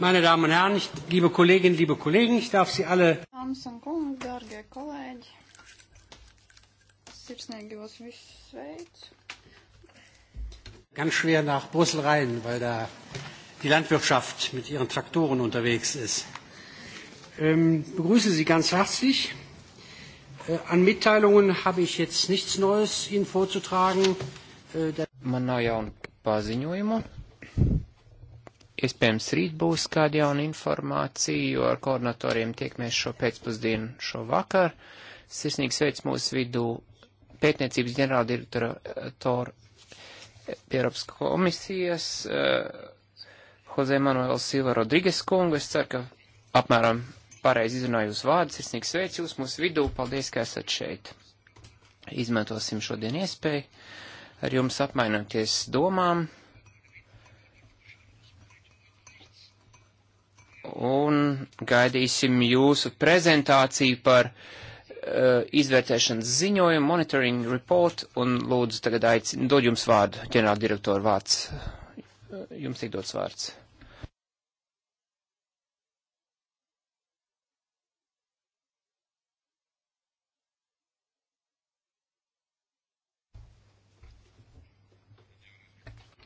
Meine Damen und Herren, ich, liebe Kolleginnen, liebe Kollegen, ich darf Sie alle. Dāmas un kungi, dārgie kolēģi, sirsnīgi jūs visus sveicu. Ganz schwer nach Brüssel rein, weil da die Landwirtschaft mit ihren Traktoren unterwegs ist. Ähm, begrüße Sie ganz herzlich. Äh, an Mitteilungen habe ich jetzt nichts Neues Ihnen vorzutragen. Äh, Man nav jaunu paziņojumu. Iespējams, rīt būs kāda jauna informācija, jo ar koordinatoriem tiekamies šo pēcpusdienu, šo vakar. Sirsnīgs veids mūsu vidū pētniecības ģenerāldirektora eh, Tora eh, Eiropas komisijas, uh, Jose Manuels Silva Rodriges kungu. Es ceru, ka apmēram pareizi izrunāju jūs vārdus. Sirsnīgs veids jūs mūsu vidū. Paldies, ka esat šeit. Izmantosim šodien iespēju ar jums apmainoties domām. un gaidīsim jūsu prezentāciju par uh, izvērtēšanas ziņojumu, monitoring report, un lūdzu tagad aicinu, dod jums vārdu, ģenerāldirektoru vārds. Eh, jums tiek dots vārds.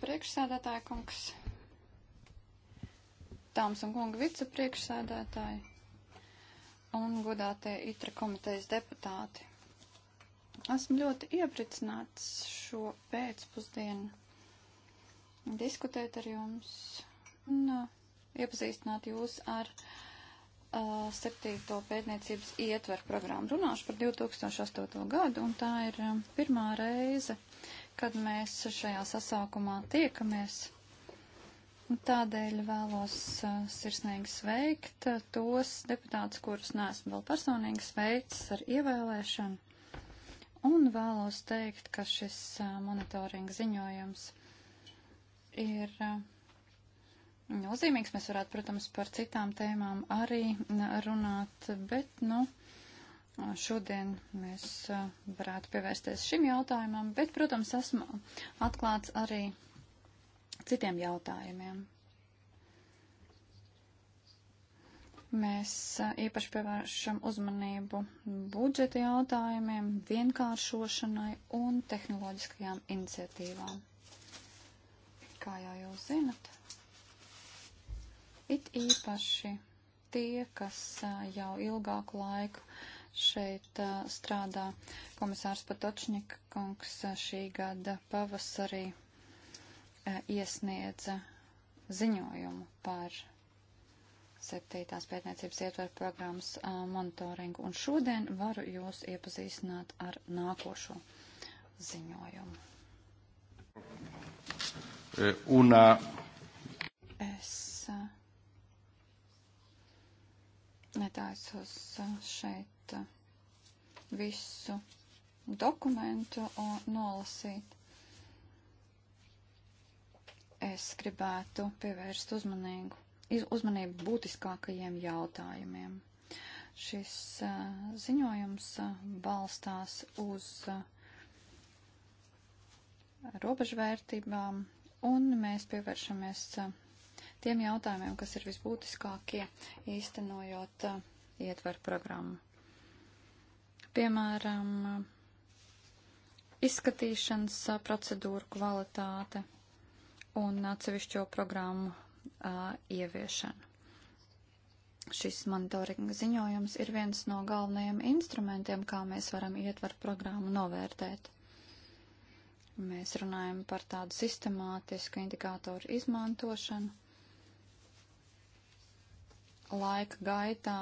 Priekšsēdētāja kungs dāmas un kungi vicepriekšsēdētāji un godātie itra komitejas deputāti. Esmu ļoti iepricināts šo pēcpusdienu diskutēt ar jums un uh, iepazīstināt jūs ar uh, septīto pētniecības ietveru programmu. Runāšu par 2008. gadu, un tā ir um, pirmā reize, kad mēs šajā sasaukumā tiekamies. Tādēļ vēlos uh, sirsnīgi sveikt uh, tos deputātus, kurus neesmu vēl personīgi sveicis ar ievēlēšanu. Un vēlos teikt, ka šis uh, monitoringa ziņojums ir nozīmīgs. Mēs varētu, protams, par citām tēmām arī runāt, bet, nu, šodien mēs varētu pievērsties šim jautājumam. Bet, protams, esmu atklāts arī citiem jautājumiem. Mēs īpaši pievēršam uzmanību budžeta jautājumiem, vienkāršošanai un tehnoloģiskajām iniciatīvām. Kā jau jūs zinat, it īpaši tie, kas jau ilgāku laiku šeit strādā, komisārs Patočņika kungs šī gada pavasarī Eh, iesniedza eh, ziņojumu par septītās pētniecības ietveru programmas eh, monitoringu, un šodien varu jūs iepazīstināt ar nākošo ziņojumu. Una. Es netaisos šeit visu dokumentu nolasīt es gribētu pievērst uzmanīgu, uzmanību būtiskākajiem jautājumiem. Šis ziņojums balstās uz robežvērtībām, un mēs pievēršamies tiem jautājumiem, kas ir visbūtiskākie īstenojot ietveru programmu. Piemēram, izskatīšanas procedūru kvalitāte, un atsevišķo programmu uh, ieviešanu. Šis monitoringa ziņojums ir viens no galvenajiem instrumentiem, kā mēs varam ietvaru programmu novērtēt. Mēs runājam par tādu sistemātisku indikātoru izmantošanu laika gaitā.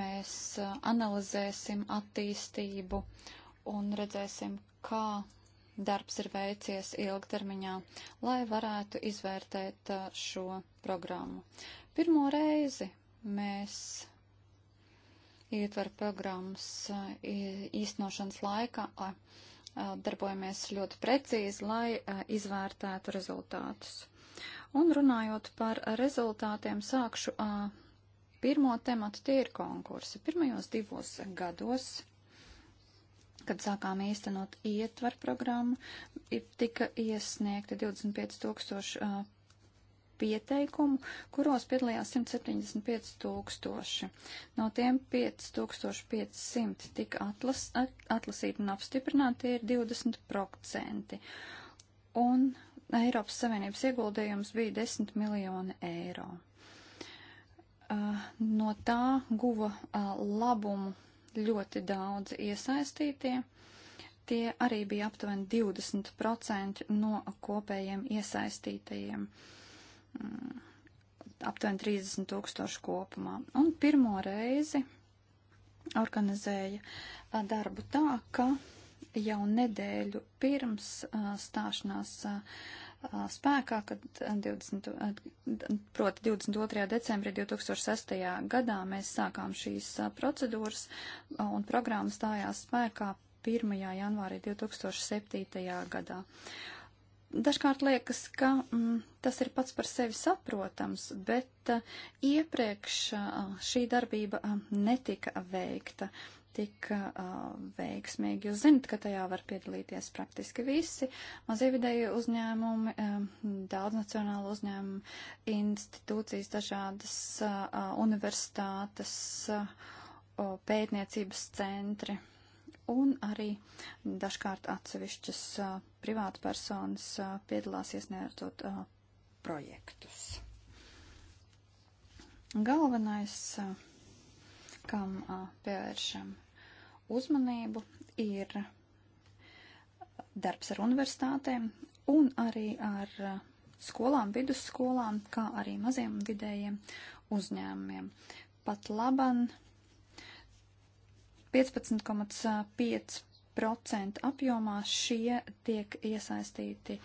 Mēs analizēsim attīstību un redzēsim, kā darbs ir veicies ilgtermiņā, lai varētu izvērtēt uh, šo programmu. Pirmo reizi mēs ietver programmas uh, īstenošanas laikā darbojamies ļoti precīzi, lai izvērtētu rezultātus. Un runājot par rezultātiem, sākšu pirmo tematu, tie ir konkursi. Pirmajos divos gados kad sākām īstenot ietvaru programmu, tika iesniegti 25 tūkstoši uh, pieteikumu, kuros piedalījās 175 tūkstoši. No tiem 5500 tika atlas, atlasīti un apstiprināti, tie ir 20%. Un Eiropas Savienības ieguldījums bija 10 miljoni eiro. Uh, no tā guva uh, labumu ļoti daudz iesaistītie. Tie arī bija aptuveni 20% no kopējiem iesaistītajiem, mm, aptuveni 30 tūkstoši kopumā. Un pirmo reizi organizēja darbu tā, ka jau nedēļu pirms stāšanās spēkā, kad 20, proti 22. decembrī 2006. gadā mēs sākām šīs procedūras un programma stājās spēkā 1. janvārī 2007. gadā. Dažkārt liekas, ka mm, tas ir pats par sevi saprotams, bet uh, iepriekš uh, šī darbība uh, netika veikta. Uh, tika uh, veiksmīgi. Jūs zinat, ka tajā var piedalīties praktiski visi mazie vidēji uzņēmumi, um, daudznacionāli uzņēmumi, institūcijas, dažādas uh, universitātes, uh, pētniecības centri un arī dažkārt atsevišķas uh, privātpersonas uh, piedalās iesniedzot uh, projektus. Galvenais uh, kam pievēršam uzmanību, ir darbs ar universitātēm un arī ar skolām, vidusskolām, kā arī maziem un vidējiem uzņēmumiem. Pat laban 15,5% apjomā šie tiek iesaistīti uh,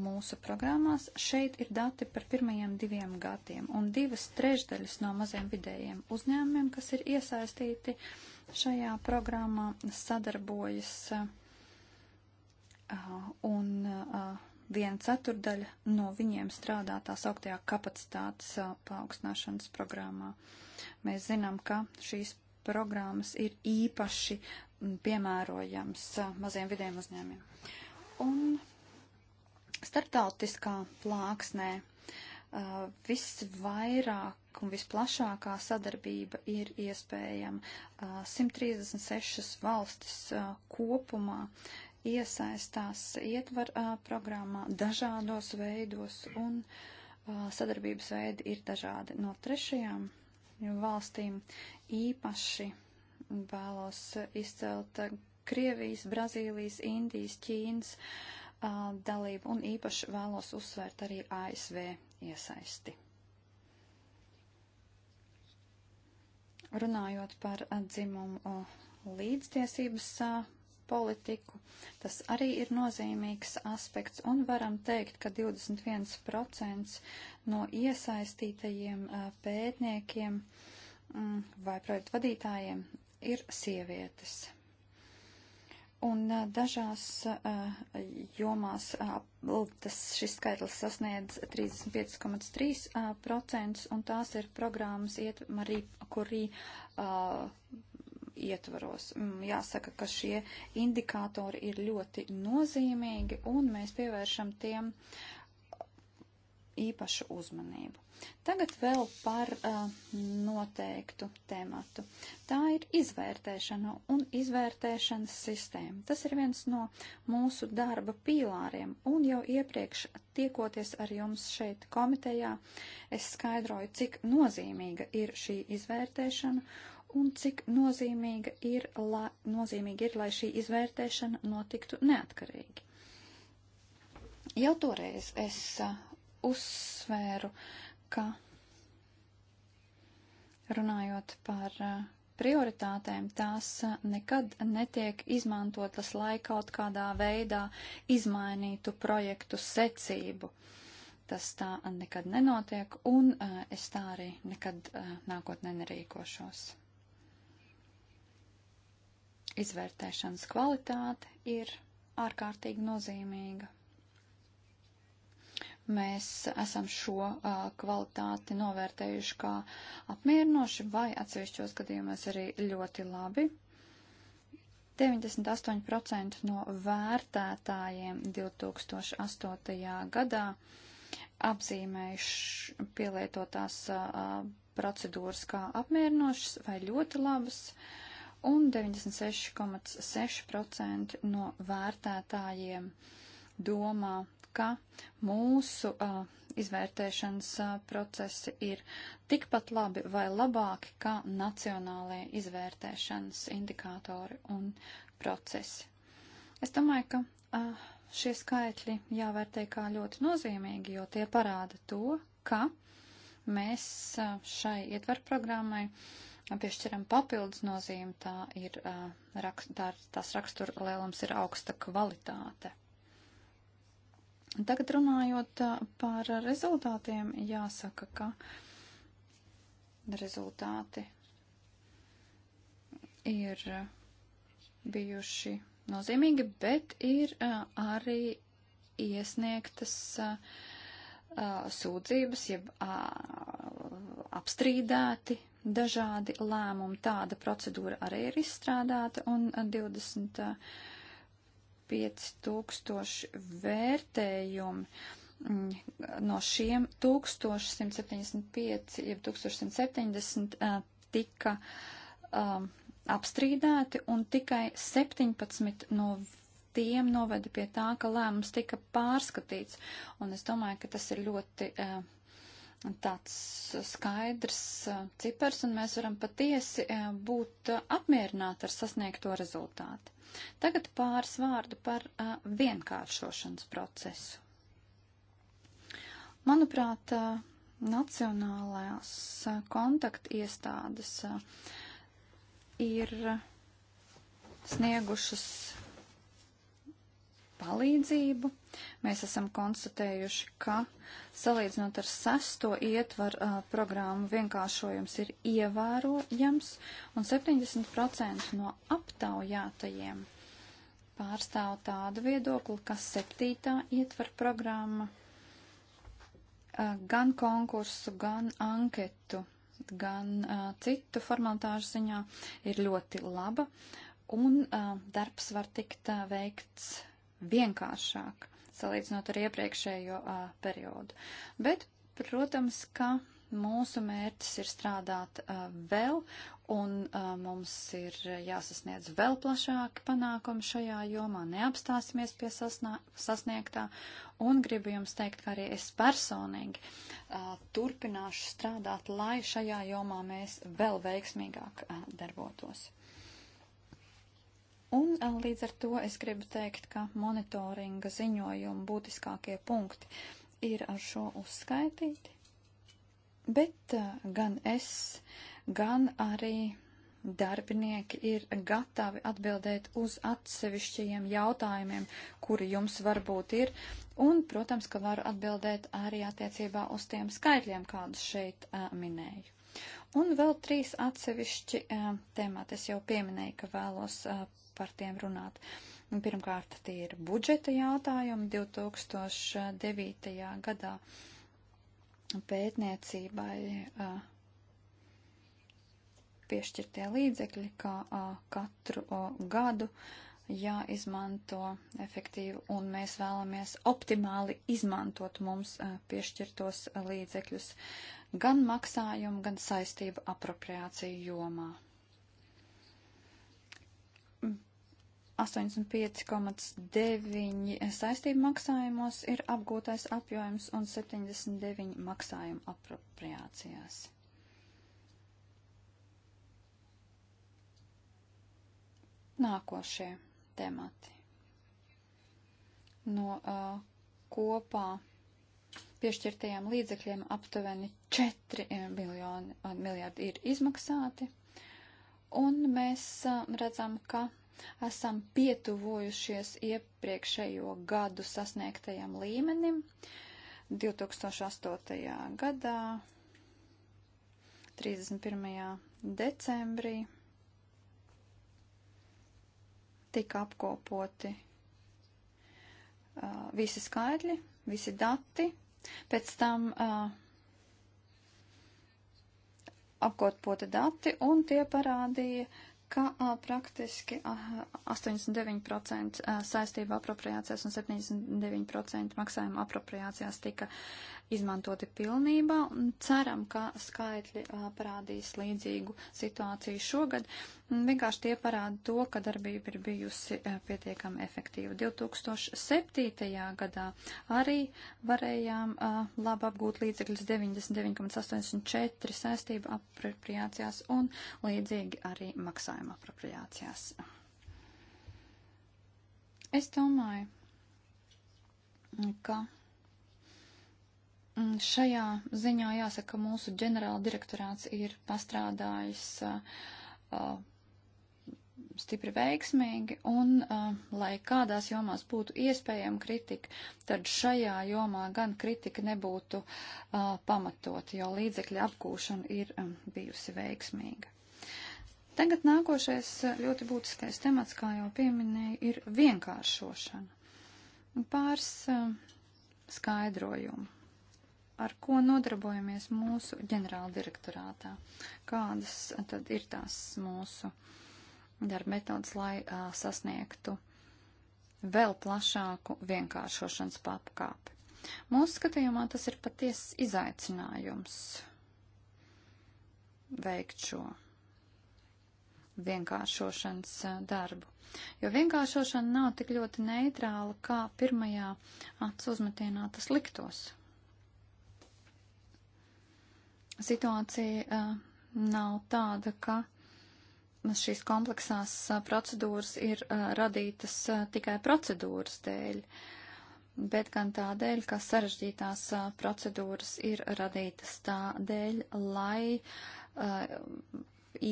mūsu programmās. Šeit ir dati par pirmajiem diviem gadiem un divas trešdaļas no maziem vidējiem uzņēmumiem, kas ir iesaistīti šajā programmā, sadarbojas un viena ceturdaļa no viņiem strādā tā sauktajā kapacitātes paaugstināšanas programmā. Mēs zinām, ka šīs programmas ir īpaši piemērojams maziem vidiem uzņēmiem. Un Startautiskā plāksnē uh, visvairāk un visplašākā sadarbība ir iespējama. Uh, 136 valstis uh, kopumā iesaistās ietvar uh, programmā dažādos veidos un uh, sadarbības veidi ir dažādi. No trešajām valstīm īpaši vēlos izcelt Krievijas, Brazīlijas, Indijas, Ķīnas, uh, dalību un īpaši vēlos uzsvērt arī ASV iesaisti. Runājot par dzimumu līdztiesības politiku, tas arī ir nozīmīgs aspekts un varam teikt, ka 21% no iesaistītajiem pētniekiem mm, vai projektu vadītājiem ir sievietes. Un dažās uh, jomās uh, tas, šis skaitlis sasniedz 35,3%, un tās ir programmas, iet, arī, kurī uh, ietvaros. Jāsaka, ka šie indikātori ir ļoti nozīmīgi, un mēs pievēršam tiem uh, īpašu uzmanību. Tagad vēl par uh, noteiktu tematu. Tā ir izvērtēšana un izvērtēšanas sistēma. Tas ir viens no mūsu darba pīlāriem, un jau iepriekš tiekoties ar jums šeit komitejā, es skaidroju, cik nozīmīga ir šī izvērtēšana un cik nozīmīga ir, la, nozīmīga ir, lai šī izvērtēšana notiktu neatkarīgi. Jau toreiz es uh, uzsvēru, ka runājot par uh, prioritātēm, tās uh, nekad netiek izmantotas, lai kaut kādā veidā izmainītu projektu secību. Tas tā nekad nenotiek, un uh, es tā arī nekad nākotnē nerīkošos. Izvērtēšanas kvalitāte ir ārkārtīgi nozīmīga mēs esam šo uh, kvalitāti novērtējuši kā apmierinoši vai atsevišķos gadījumos arī ļoti labi. 98% no vērtētājiem 2008. gadā apzīmējuši pielietotās uh, procedūras kā apmierinošas vai ļoti labas, un 96,6% no vērtētājiem domā, ka mūsu uh, izvērtēšanas uh, procesi ir tikpat labi vai labāki kā nacionālajie izvērtēšanas indikātori un procesi. Es domāju, ka uh, šie skaitļi jāvērtē kā ļoti nozīmīgi, jo tie parāda to, ka mēs uh, šai ietver programmai piešķiram papildus nozīmi, tā ir, uh, rakst, tā, tās rakstura lielums ir augsta kvalitāte. Tagad runājot par rezultātiem, jāsaka, ka rezultāti ir bijuši nozīmīgi, bet ir arī iesniegtas sūdzības, jeb apstrīdēti dažādi lēmumi. Tāda procedūra arī ir izstrādāta un 20. 5000 vērtējumi. Mm, no šiem 1175, jeb 1170 tika um, apstrīdēti, un tikai 17 no tiem noveda pie tā, ka lēmums tika pārskatīts. Un es domāju, ka tas ir ļoti uh, tāds skaidrs cipars, un mēs varam patiesi būt apmierināti ar sasniegto rezultātu. Tagad pāris vārdu par vienkāršošanas procesu. Manuprāt, nacionālās kontaktiestādes ir sniegušas palīdzību. Mēs esam konstatējuši, ka salīdzinot ar sesto ietvaru uh, programmu vienkāršojums ir ievērojams un 70% no aptaujātajiem pārstāv tādu viedokli, ka septītā ietvaru programma uh, gan konkursu, gan anketu, gan uh, citu formalitāšu ziņā ir ļoti laba un uh, darbs var tikt uh, veikts vienkāršāk, salīdzinot ar iepriekšējo a, periodu. Bet, protams, ka mūsu mērķis ir strādāt a, vēl, un a, mums ir jāsasniedz vēl plašāki panākumi šajā jomā, neapstāsimies pie sasnā, sasniegtā, un gribu jums teikt, ka arī es personīgi a, turpināšu strādāt, lai šajā jomā mēs vēl veiksmīgāk a, darbotos. Un līdz ar to es gribu teikt, ka monitoringa ziņojuma būtiskākie punkti ir ar šo uzskaitīti, bet gan es, gan arī darbinieki ir gatavi atbildēt uz atsevišķajiem jautājumiem, kuri jums varbūt ir, un, protams, ka varu atbildēt arī attiecībā uz tiem skaitļiem, kādus šeit uh, minēju. Un vēl trīs atsevišķi uh, temati. Es jau pieminēju, ka vēlos uh, par tiem runāt. Nu, pirmkārt, tie ir budžeta jautājumi 2009. gadā pētniecībai piešķirtie līdzekļi, kā katru gadu jāizmanto efektīvi, un mēs vēlamies optimāli izmantot mums piešķirtos līdzekļus gan maksājumu, gan saistību apropriāciju jomā. 85,9 saistību maksājumos ir apgūtais apjoms un 79 maksājumu apropriācijās. Nākošie temati. No uh, kopā piešķirtajiem līdzekļiem aptuveni 4 eh, miljoni, eh, miljardi ir izmaksāti, un mēs uh, redzam, ka esam pietuvojušies iepriekšējo gadu sasniegtajam līmenim 2008. gadā 31. decembrī tika apkopoti uh, visi skaidri, visi dati. Pēc tam uh, apkopota dati un tie parādīja uh, ka a, praktiski a, 89% saistība apropriācijās un 79% maksājuma apropriācijās tika izmantoti pilnībā un ceram, ka skaitļi a, parādīs līdzīgu situāciju šogad. Vienkārši tie parāda to, ka darbība ir bijusi a, pietiekami efektīva. 2007. gadā arī varējām a, labi apgūt līdzekļus 99,84 saistību apropriācijās un līdzīgi arī maksājuma apropriācijās. Es domāju, ka Mm, šajā ziņā jāsaka, ka mūsu ģenerāla direktorāts ir pastrādājis uh, uh, stipri veiksmīgi, un, uh, lai kādās jomās būtu iespējama kritika, tad šajā jomā gan kritika nebūtu uh, pamatot, jo līdzekļa apgūšana ir um, bijusi veiksmīga. Tagad nākošais uh, ļoti būtiskais temats, kā jau pieminēju, ir vienkāršošana. Pāris uh, skaidrojumu ar ko nodarbojamies mūsu ģenerāla direktorātā, kādas tad ir tās mūsu darba metodas, lai uh, sasniegtu vēl plašāku vienkāršošanas pakāpi. Mūsu skatījumā tas ir patiesas izaicinājums veikt šo vienkāršošanas darbu. Jo vienkāršošana nav tik ļoti neitrāla, kā pirmajā acu uzmetienā tas liktos situācija eh, nav tāda, ka šīs kompleksās eh, procedūras ir eh, radītas tikai procedūras dēļ, bet gan tādēļ, ka sarežģītās procedūras ir radītas tādēļ, lai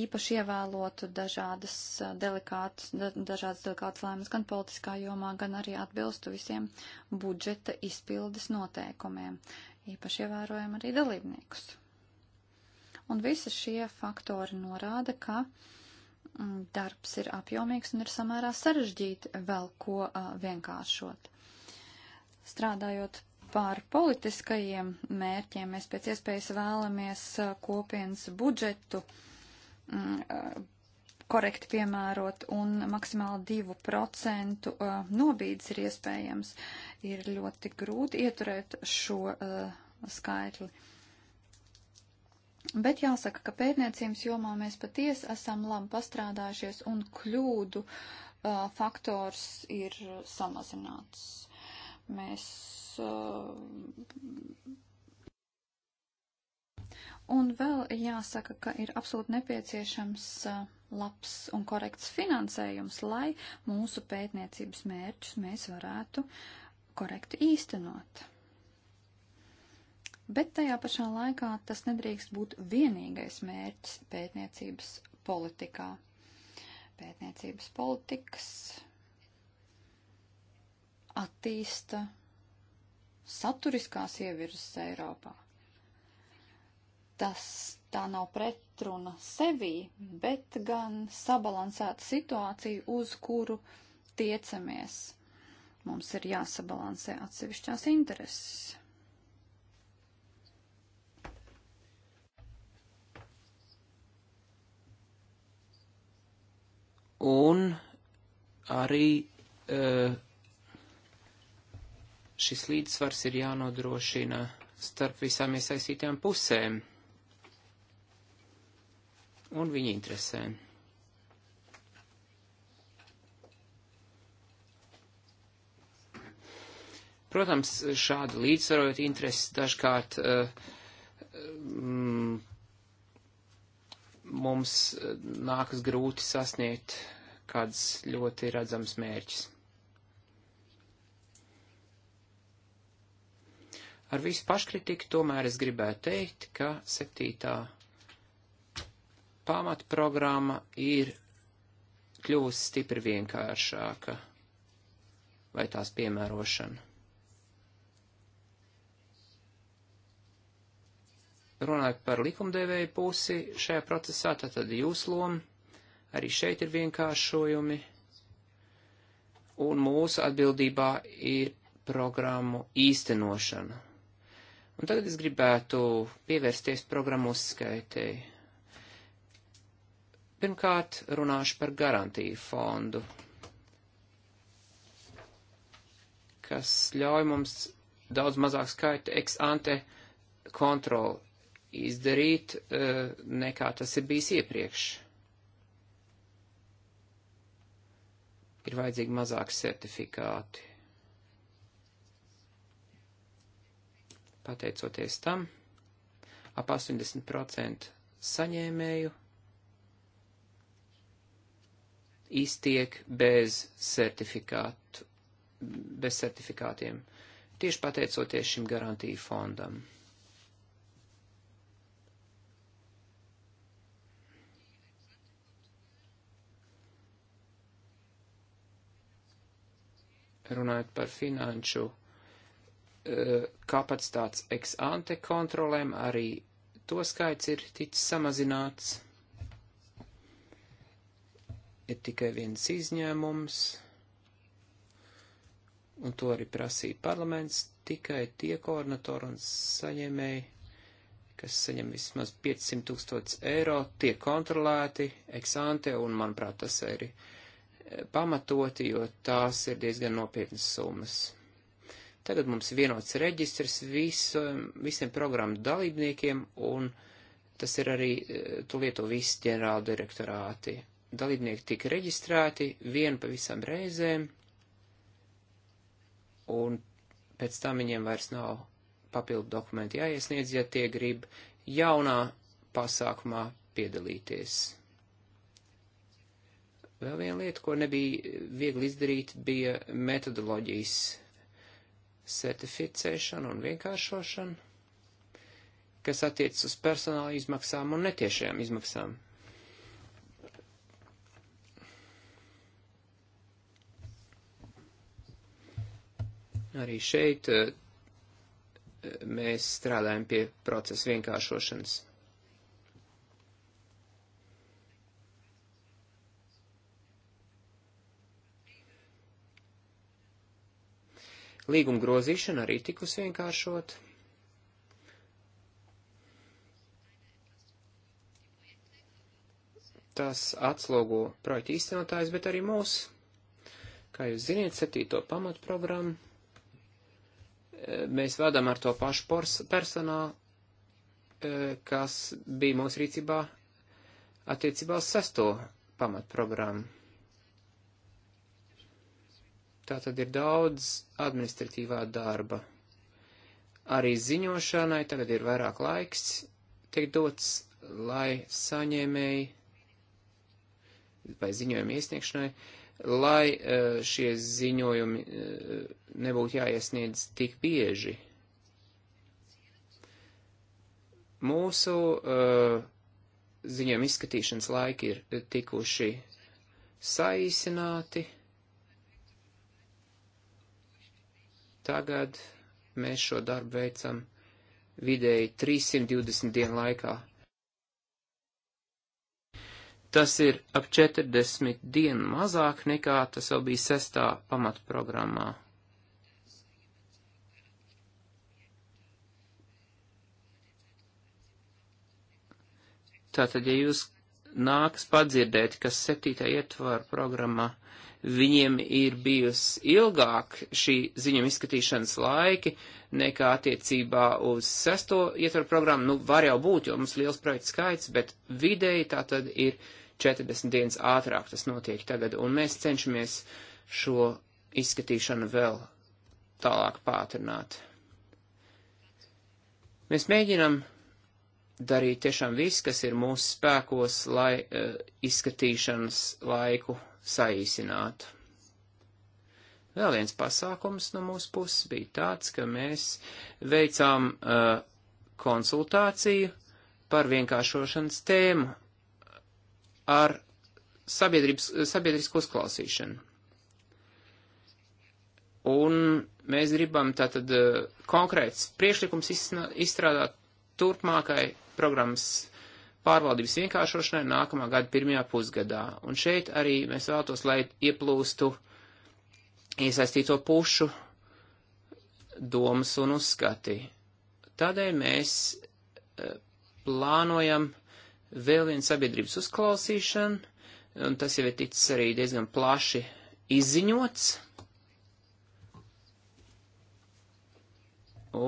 īpaši ievēlotu dažādas delikātas, dažādas delikātas lēmas gan politiskā jomā, gan arī atbilstu visiem budžeta izpildes noteikumiem. Īpaši ievērojam arī dalībniekus. Un visi šie faktori norāda, ka mm, darbs ir apjomīgs un ir samērā sarežģīti vēl ko vienkāršot. Strādājot par politiskajiem mērķiem, mēs pēc iespējas vēlamies kopienas budžetu mm, korekti piemērot un maksimāli 2% nobīdes ir iespējams. Ir ļoti grūti ieturēt šo skaitli. Uh, Bet jāsaka, ka pētniecības jomā mēs patiesi esam labi pastrādājušies un kļūdu uh, faktors ir samazināts. Mēs. Uh, Un vēl jāsaka, ka ir absolūti nepieciešams uh, labs un korekts finansējums, lai mūsu pētniecības mērķus mēs varētu korekti īstenot. Bet tajā pašā laikā tas nedrīkst būt vienīgais mērķis pētniecības politikā. Pētniecības politikas attīsta saturiskās ievirzes Eiropā. Tas tā nav pretruna sevī, bet gan sabalansēta situācija, uz kuru tiecamies. Mums ir jāsabalansē atsevišķās intereses. un arī eh, šis līdzsvars ir jānodrošina starp visām iesaistītajām pusēm un viņa interesēm. Protams, šādi līdzsvarot intereses dažkārt uh, mm, mums eh, nākas grūti sasniegt kāds ļoti redzams mērķis. Ar visu paškritiku tomēr es gribētu teikt, ka septītā pamatprogramma ir kļuvusi stipri vienkāršāka vai tās piemērošana. runājot par likumdevēju pusi šajā procesā, tātad jūs loma, arī šeit ir vienkāršojumi, un mūsu atbildībā ir programmu īstenošana. Un tagad es gribētu pievērsties programmu uzskaitēji. Pirmkārt, runāšu par garantiju fondu, kas ļauj mums daudz mazāk skaitu ex ante kontroli izdarīt, eh, nekā tas ir bijis iepriekš. Ir vajadzīgi mazāk certifikāti. Pateicoties tam, ap 80% saņēmēju iztiek bez certifikātu, bez certifikātiem, tieši pateicoties šim garantiju fondam. runājot par finanšu eh, kapacitātes ex ante kontrolēm, arī to skaits ir ticis samazināts. Ir tikai viens izņēmums, un to arī prasīja parlaments, tikai tie koordinatori un saņēmēji, kas saņem vismaz 500 tūkstotis eiro, tiek kontrolēti ex ante, un manuprāt tas arī ir pamatoti, jo tās ir diezgan nopietnas summas. Tagad mums ir vienots reģistrs visu, visiem programmu dalībniekiem, un tas ir arī, eh, tu lieto visi ģenerāla direktorāti. Dalībnieki tika reģistrēti vienu pavisam reizēm, un pēc tam viņiem vairs nav papildu dokumenti jāiesniedz, ja tie grib jaunā pasākumā piedalīties. Vēl viena lieta, ko nebija viegli izdarīt, bija metodoloģijas certificēšana un vienkāršošana, kas attiecas uz personāla izmaksām un netiešajām izmaksām. Arī šeit eh, mēs strādājam pie procesa vienkāršošanas. Līguma grozīšana arī tikus vienkāršot. Tas atslogo projekta īstenotājs, bet arī mūs. Kā jūs ziniet, septīto pamatprogrammu e, mēs vadām ar to pašu personālu, e, kas bija mūsu rīcībā attiecībā uz sesto pamatprogrammu. Tā tad ir daudz administratīvā darba. Arī ziņošanai tagad ir vairāk laiks, tiek dots, lai saņēmēji vai ziņojumu iesniegšanai, lai eh, šie ziņojumi eh, nebūtu jāiesniedz tik bieži. Mūsu eh, ziņojumu izskatīšanas laiki ir tikuši saīsināti. Tagad mēs šo darbu veicam vidēji 320 dienu laikā. Tas ir ap 40 dienu mazāk nekā tas vēl bija sestā pamatprogrammā. Tātad, ja jūs nāks padzirdēt, kas septītā ietvaru programmā uh, viņiem ir bijusi ilgāk šī ziņojuma izskatīšanas laiki nekā attiecībā uz sesto ietvaru programmu. Nu, var jau būt, jo mums liels projekts skaits, bet vidēji tā tad ir 40 dienas ātrāk tas notiek tagad, un mēs cenšamies šo izskatīšanu vēl tālāk pātrināt. Mēs mēģinam darīt tiešām viss, kas ir mūsu spēkos, lai uh, izskatīšanas laiku saīsināt. Vēl viens pasākums no mūsu puses bija tāds, ka mēs veicām uh, konsultāciju par vienkāršošanas tēmu ar sabiedrisku uzklausīšanu. Un mēs gribam tātad uh, konkrēts priešlikums izstrādāt turpmākai programmas pārvaldības vienkāršošanai nākamā gada pirmajā pusgadā. Un šeit arī mēs vēlētos, lai ieplūstu iesaistīto pušu domas un uzskati. Tādēļ mēs e, plānojam vēl vienu sabiedrības uzklausīšanu, un tas jau ir ticis arī diezgan plaši izziņots.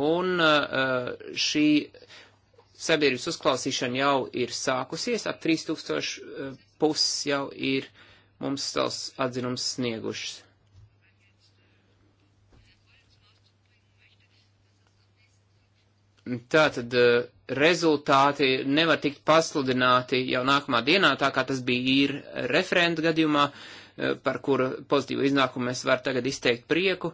Un e, e, šī sabiedrības uzklausīšana jau ir sākusies, ap 3000 eh, puses jau ir mums savs atzinums sniegušas. Tātad eh, rezultāti nevar tikt pasludināti jau nākamā dienā, tā kā tas bija īra referenta gadījumā. Uh, Eh, par kuru pozitīvu iznākumu mēs varam tagad izteikt prieku.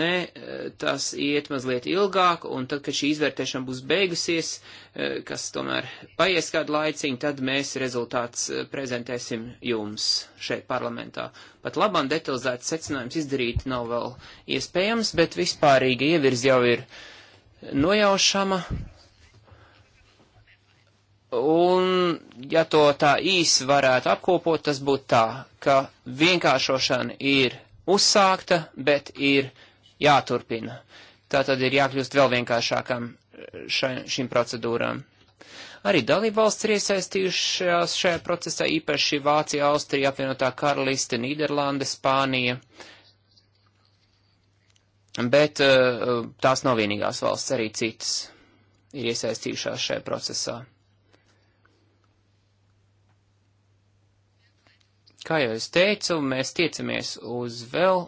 Nē, eh, tas iet mazliet ilgāk, un tad, kad šī izvērtēšana būs beigusies, eh, kas tomēr paies kādu laiciņu, tad mēs rezultāts prezentēsim jums šeit parlamentā. Pat labam detalizēts secinājums izdarīt nav vēl iespējams, bet vispārīga ievirz jau ir nojaušama, Un, ja to tā īsi varētu apkopot, tas būtu tā, ka vienkāršošana ir uzsākta, bet ir jāturpina. Tā tad ir jākļūst vēl vienkāršākam eh, ša, šīm procedūrām. Arī dalībvalsts ir iesaistījušās šajā procesā, īpaši Vācija, Austrija, apvienotā karaliste, Nīderlanda, Spānija. Bet eh, tās nav vienīgās valsts, arī citas ir iesaistījušās šajā procesā. Kā jau es teicu, mēs tiecamies uz vēl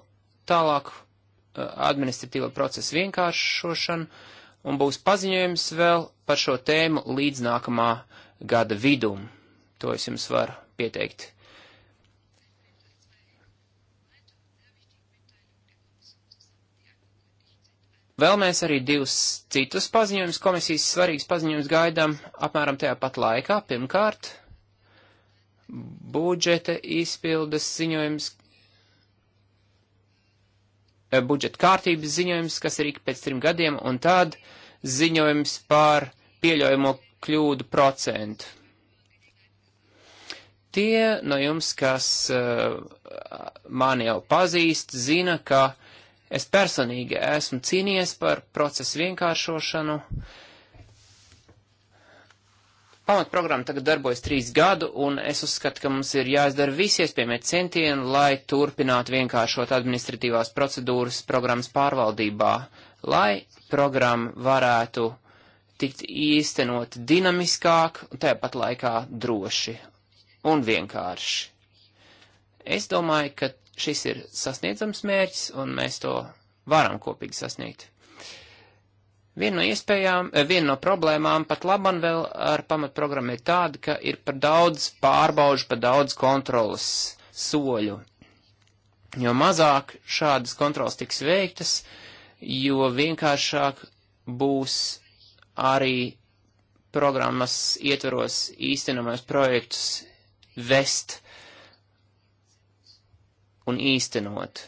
tālāku uh, administratīvo procesu vienkāršošanu un būs paziņojums vēl par šo tēmu līdz nākamā gada vidum. To es jums varu pieteikt. Vēl mēs arī divus citus paziņojumus, komisijas svarīgus paziņojumus gaidām apmēram tajā pat laikā. Pirmkārt, budžeta izpildes ziņojums, eh, budžeta kārtības ziņojums, kas ir ik pēc trim gadiem, un tad ziņojums par pieļaujamo kļūdu procentu. Tie no jums, kas uh, mani jau pazīst, zina, ka es personīgi esmu cīnījies par procesu vienkāršošanu, uh, pamatprogramma tagad darbojas trīs gadu, un es uzskatu, ka mums ir jāizdara visi iespējamie centieni, lai turpinātu vienkāršot administratīvās procedūras programmas pārvaldībā, lai programma varētu tikt īstenot dinamiskāk un tāpat laikā droši un vienkārši. Es domāju, ka šis ir sasniedzams mērķis, un mēs to varam kopīgi sasniegt. Viena no iespējām, eh, viena no problēmām pat laban vēl ar pamatprogrammu ir tāda, ka ir par daudz pārbaužu, par daudz kontrolas soļu. Jo mazāk šādas kontrolas tiks veiktas, jo vienkāršāk būs arī programmas ietveros īstenamais projektus vest un īstenot.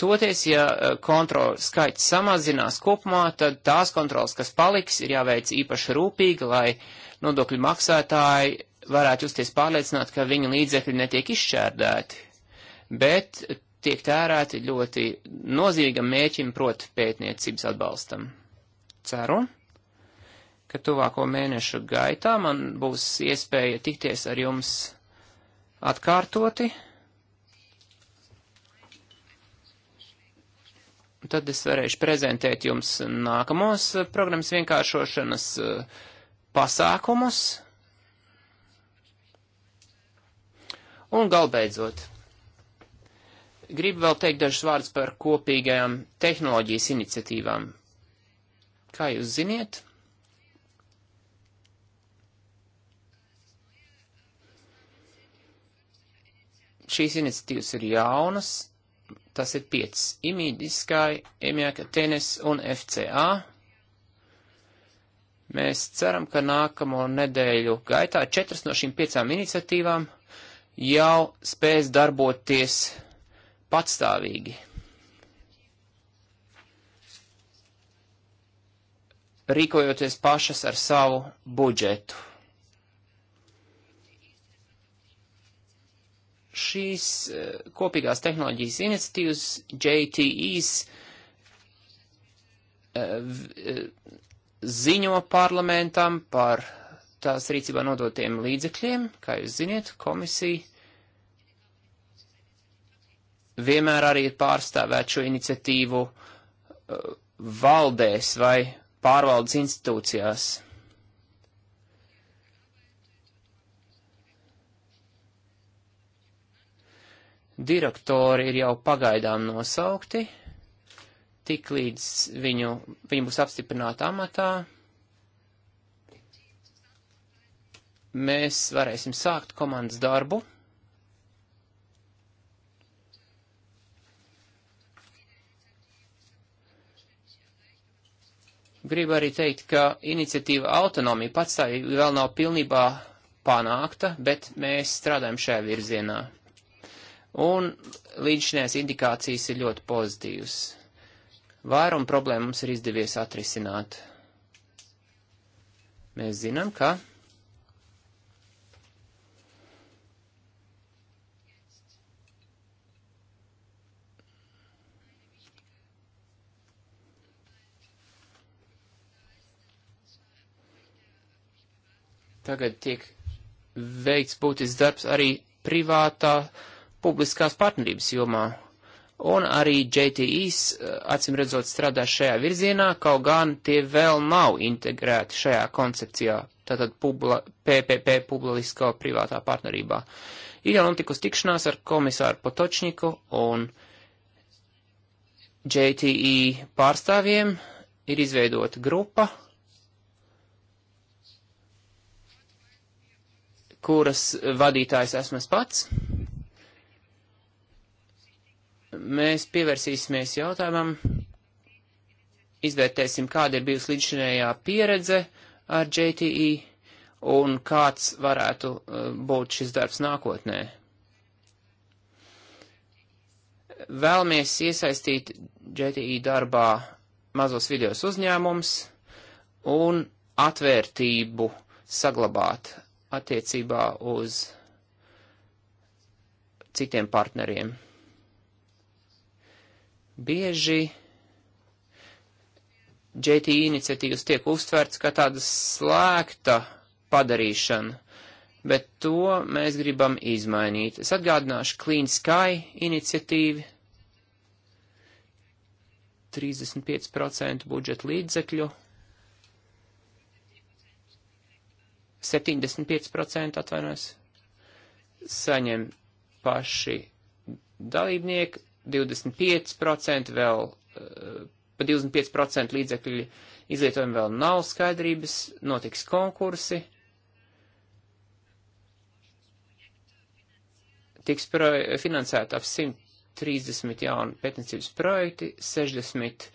Toties, ja e, kontrolu skaits samazinās kopumā, tad tās kontrolas, kas paliks, ir jāveic īpaši rūpīgi, lai nodokļu maksātāji varētu justies pārliecināti, ka viņu līdzekļi netiek izšķērdēti, bet tiek tērēti ļoti nozīmīgam mēķim, proti pētniecības atbalstam. Ceru, ka tuvāko mēnešu gaitā man būs iespēja tikties ar jums atkārtoti tad es varēšu prezentēt jums nākamos eh, programmas vienkāršošanas eh, pasākumus. Un galbeidzot, gribu vēl teikt dažus vārdus par kopīgajām tehnoloģijas iniciatīvām. Kā jūs ziniet? Šīs iniciatīvas ir jaunas, tas ir 5. Imīdi, Sky, Emiaka, Tenis un FCA. Mēs ceram, ka nākamo nedēļu gaitā četras no šīm piecām iniciatīvām jau spēs darboties patstāvīgi. Rīkojoties pašas ar savu budžetu. šīs eh, kopīgās tehnoloģijas iniciatīvas, JTEs, eh, eh, ziņo parlamentam par tās rīcībā nodotiem līdzekļiem, kā jūs ziniet, komisija vienmēr arī ir pārstāvēt šo iniciatīvu valdēs vai pārvaldes institūcijās. Direktori ir jau pagaidām nosaukti, tik līdz viņu, viņu būs apstiprināta amatā. Mēs varēsim sākt komandas darbu. gribu arī teikt, ka iniciatīva autonomija pats tā vēl nav pilnībā panākta, bet mēs strādājam šajā virzienā un līdzšinējās indikācijas ir ļoti pozitīvas. Vairumu problēmu mums ir izdevies atrisināt. Mēs zinām, ka tagad tiek veikts būtisks darbs arī privātā uh, publiskās partnerības jomā. Un arī JTIs, eh, acim redzot, strādā šajā virzienā, kaut gan tie vēl nav integrēti šajā koncepcijā, tātad publi, PPP publisko privātā partnerībā. Ir jau notikusi tikšanās ar komisāru Potočniku un JTI e pārstāvjiem, ir izveidota grupa, kuras vadītājs esmu es pats mēs pievērsīsimies jautājumam, izvērtēsim, kāda ir bijusi līdzinējā pieredze ar JTI e un kāds varētu eh, būt šis darbs nākotnē. Vēlamies iesaistīt JTI e darbā mazos vidējos uzņēmums un atvērtību saglabāt attiecībā uz citiem partneriem. Bieži JTI iniciatīvas tiek uztverts kā tāda slēgta padarīšana, bet to mēs gribam izmainīt. Es atgādināšu Clean Sky iniciatīvu. 35% budžeta līdzekļu, 75% atvainojas, saņem paši dalībnieki, 25% vēl, eh, pa 25% līdzekļu izlietojumu vēl nav skaidrības, notiks konkursi, tiks finansēta ap 130 jaunu pētniecības projekti, 60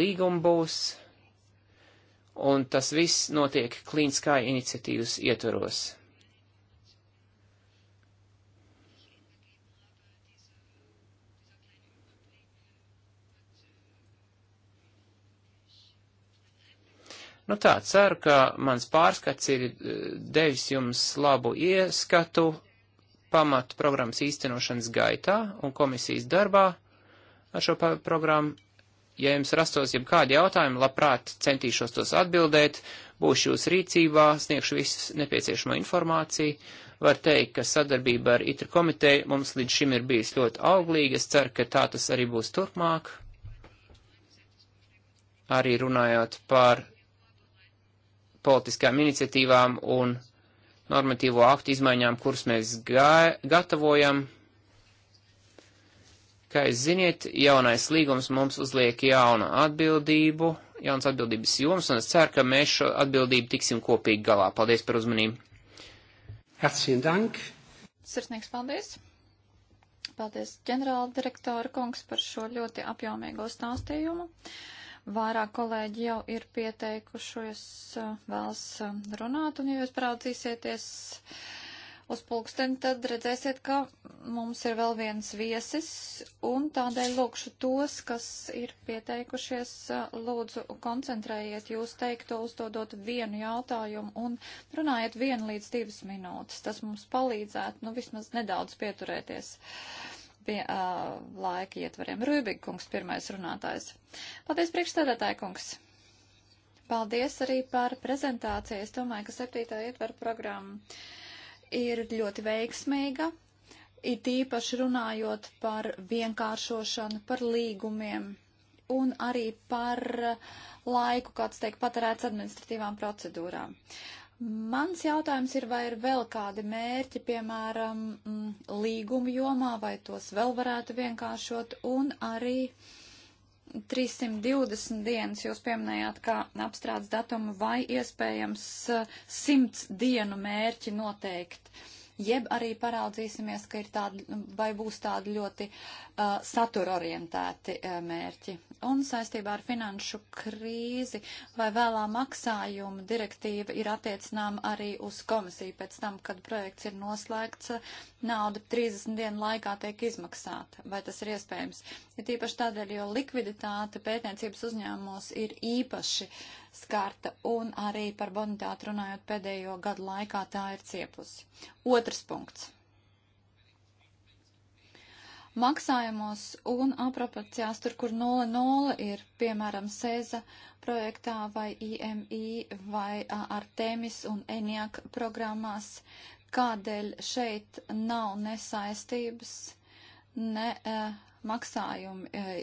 līgumu būs, un tas viss notiek Clean Sky iniciatīvas ietvaros. Nu tā, ceru, ka mans pārskats ir eh, devis jums labu ieskatu pamatu programmas īstenošanas gaitā un komisijas darbā ar šo programmu. Ja jums rastos jau kādi jautājumi, labprāt centīšos tos atbildēt, būšu jūs rīcībā, sniegšu visu nepieciešamo informāciju. Var teikt, ka sadarbība ar ITR komiteju mums līdz šim ir bijis ļoti auglīga. Es ceru, ka tā tas arī būs turpmāk. Arī runājot par politiskām iniciatīvām un normatīvo aktu izmaiņām, kuras mēs gatavojam. Kā jūs ziniet, jaunais līgums mums uzliek jaunu atbildību, jaunas atbildības jomas, un es ceru, ka mēs šo atbildību tiksim kopīgi galā. Paldies par uzmanību. Herzlichen Dank. Sirsnīgs paldies. Paldies ģenerāla direktora kungs par šo ļoti apjomīgo stāstījumu. Vairāk kolēģi jau ir pieteikušies, eh, vēlas eh, runāt, un ja jūs praucīsieties uz pulksteni, tad redzēsiet, ka mums ir vēl viens viesis, un tādēļ lūkšu tos, kas ir pieteikušies, eh, lūdzu koncentrējiet jūs teikto uzdodot vienu jautājumu un runājiet vienu līdz divas minūtes. Tas mums palīdzētu, nu, vismaz nedaudz pieturēties. Uh, pie uh, laika ietvariem. Rūbīgi kungs, pirmais runātājs. Paldies, priekšstādātāja kungs. Paldies arī par prezentāciju. Es domāju, ka septītā ietvaru programma ir ļoti veiksmīga. It īpaši runājot par vienkāršošanu, par līgumiem un arī par laiku, kāds tiek patērēts administratīvām procedūrām. Uh, Mans jautājums ir, vai ir vēl kādi mērķi, piemēram, mm, līguma jomā, vai tos vēl varētu vienkāršot, un arī 320 dienas jūs pieminējāt, kā apstrādes datumu, vai iespējams 100 eh, dienu mērķi noteikti jeb arī paraudzīsimies, ka ir tādi, vai būs tādi ļoti uh, saturorientēti uh, mērķi. Un saistībā ar finanšu krīzi vai vēlā maksājuma direktīva ir attiecinām arī uz komisiju pēc tam, kad projekts ir noslēgts, uh, nauda 30 dienu laikā tiek izmaksāta. Vai tas ir iespējams? Ja tīpaši tādēļ, jo likviditāte pētniecības uzņēmumos ir īpaši uh, skarta un arī par bonitāti runājot pēdējo gadu laikā tā ir ciepusi. Otrs punkts. Maksājumos un apropriācijās tur, kur 0,0 ir, piemēram, SEZA projektā vai IMI vai Artemis un ENIAC programmās, kādēļ šeit nav nesaistības, ne uh, maksājumi uh,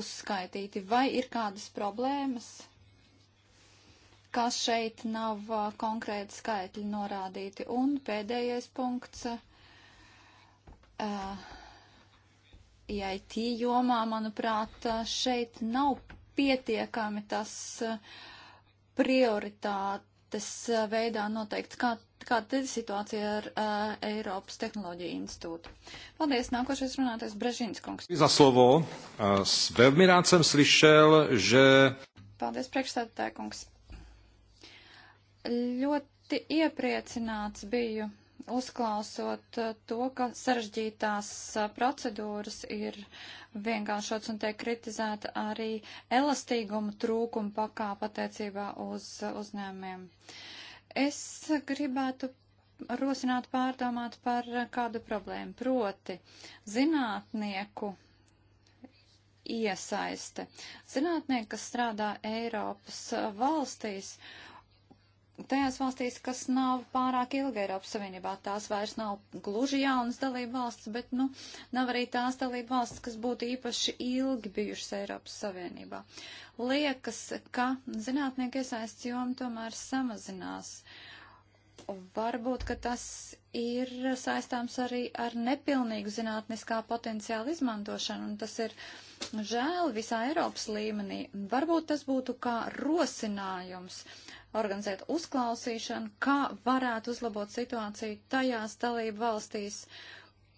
uzskaitīti, vai ir kādas problēmas? ka šeit nav uh, konkrēti skaitļi norādīti. Un pēdējais punkts. Uh, e IT jomā, manuprāt, uh, šeit nav pietiekami tas uh, prioritātes veidā noteikts, kā, kāda ir situācija ar uh, Eiropas tehnoloģiju institūtu. Paldies, nākošais runātais Brežinskungs. Za slovo. Velmi rád jsem slyšel, že... Paldies, priekšstādātāj kungs. Ļoti iepriecināts biju uzklausot eh, to, ka sarežģītās eh, procedūras ir vienkāršots un tiek kritizēta arī elastīguma trūkuma pakāpa attiecībā uz eh, uzņēmiem. Es gribētu rosināt pārdomāt par kādu problēmu, proti zinātnieku iesaiste. Zinātnieki, kas strādā Eiropas valstīs, uh, tajās valstīs, kas nav pārāk ilgi Eiropas Savienībā, tās vairs nav gluži jaunas dalība valsts, bet, nu, nav arī tās dalība valsts, kas būtu īpaši ilgi bijušas Eiropas Savienībā. Liekas, ka zinātnieku iesaists joma tomēr samazinās. Uh, varbūt, ka tas ir saistāms arī ar nepilnīgu zinātniskā potenciāla izmantošanu, un tas ir žēl visā Eiropas līmenī. Varbūt tas būtu kā rosinājums organizēt uzklausīšanu, kā varētu uzlabot situāciju tajās dalību valstīs,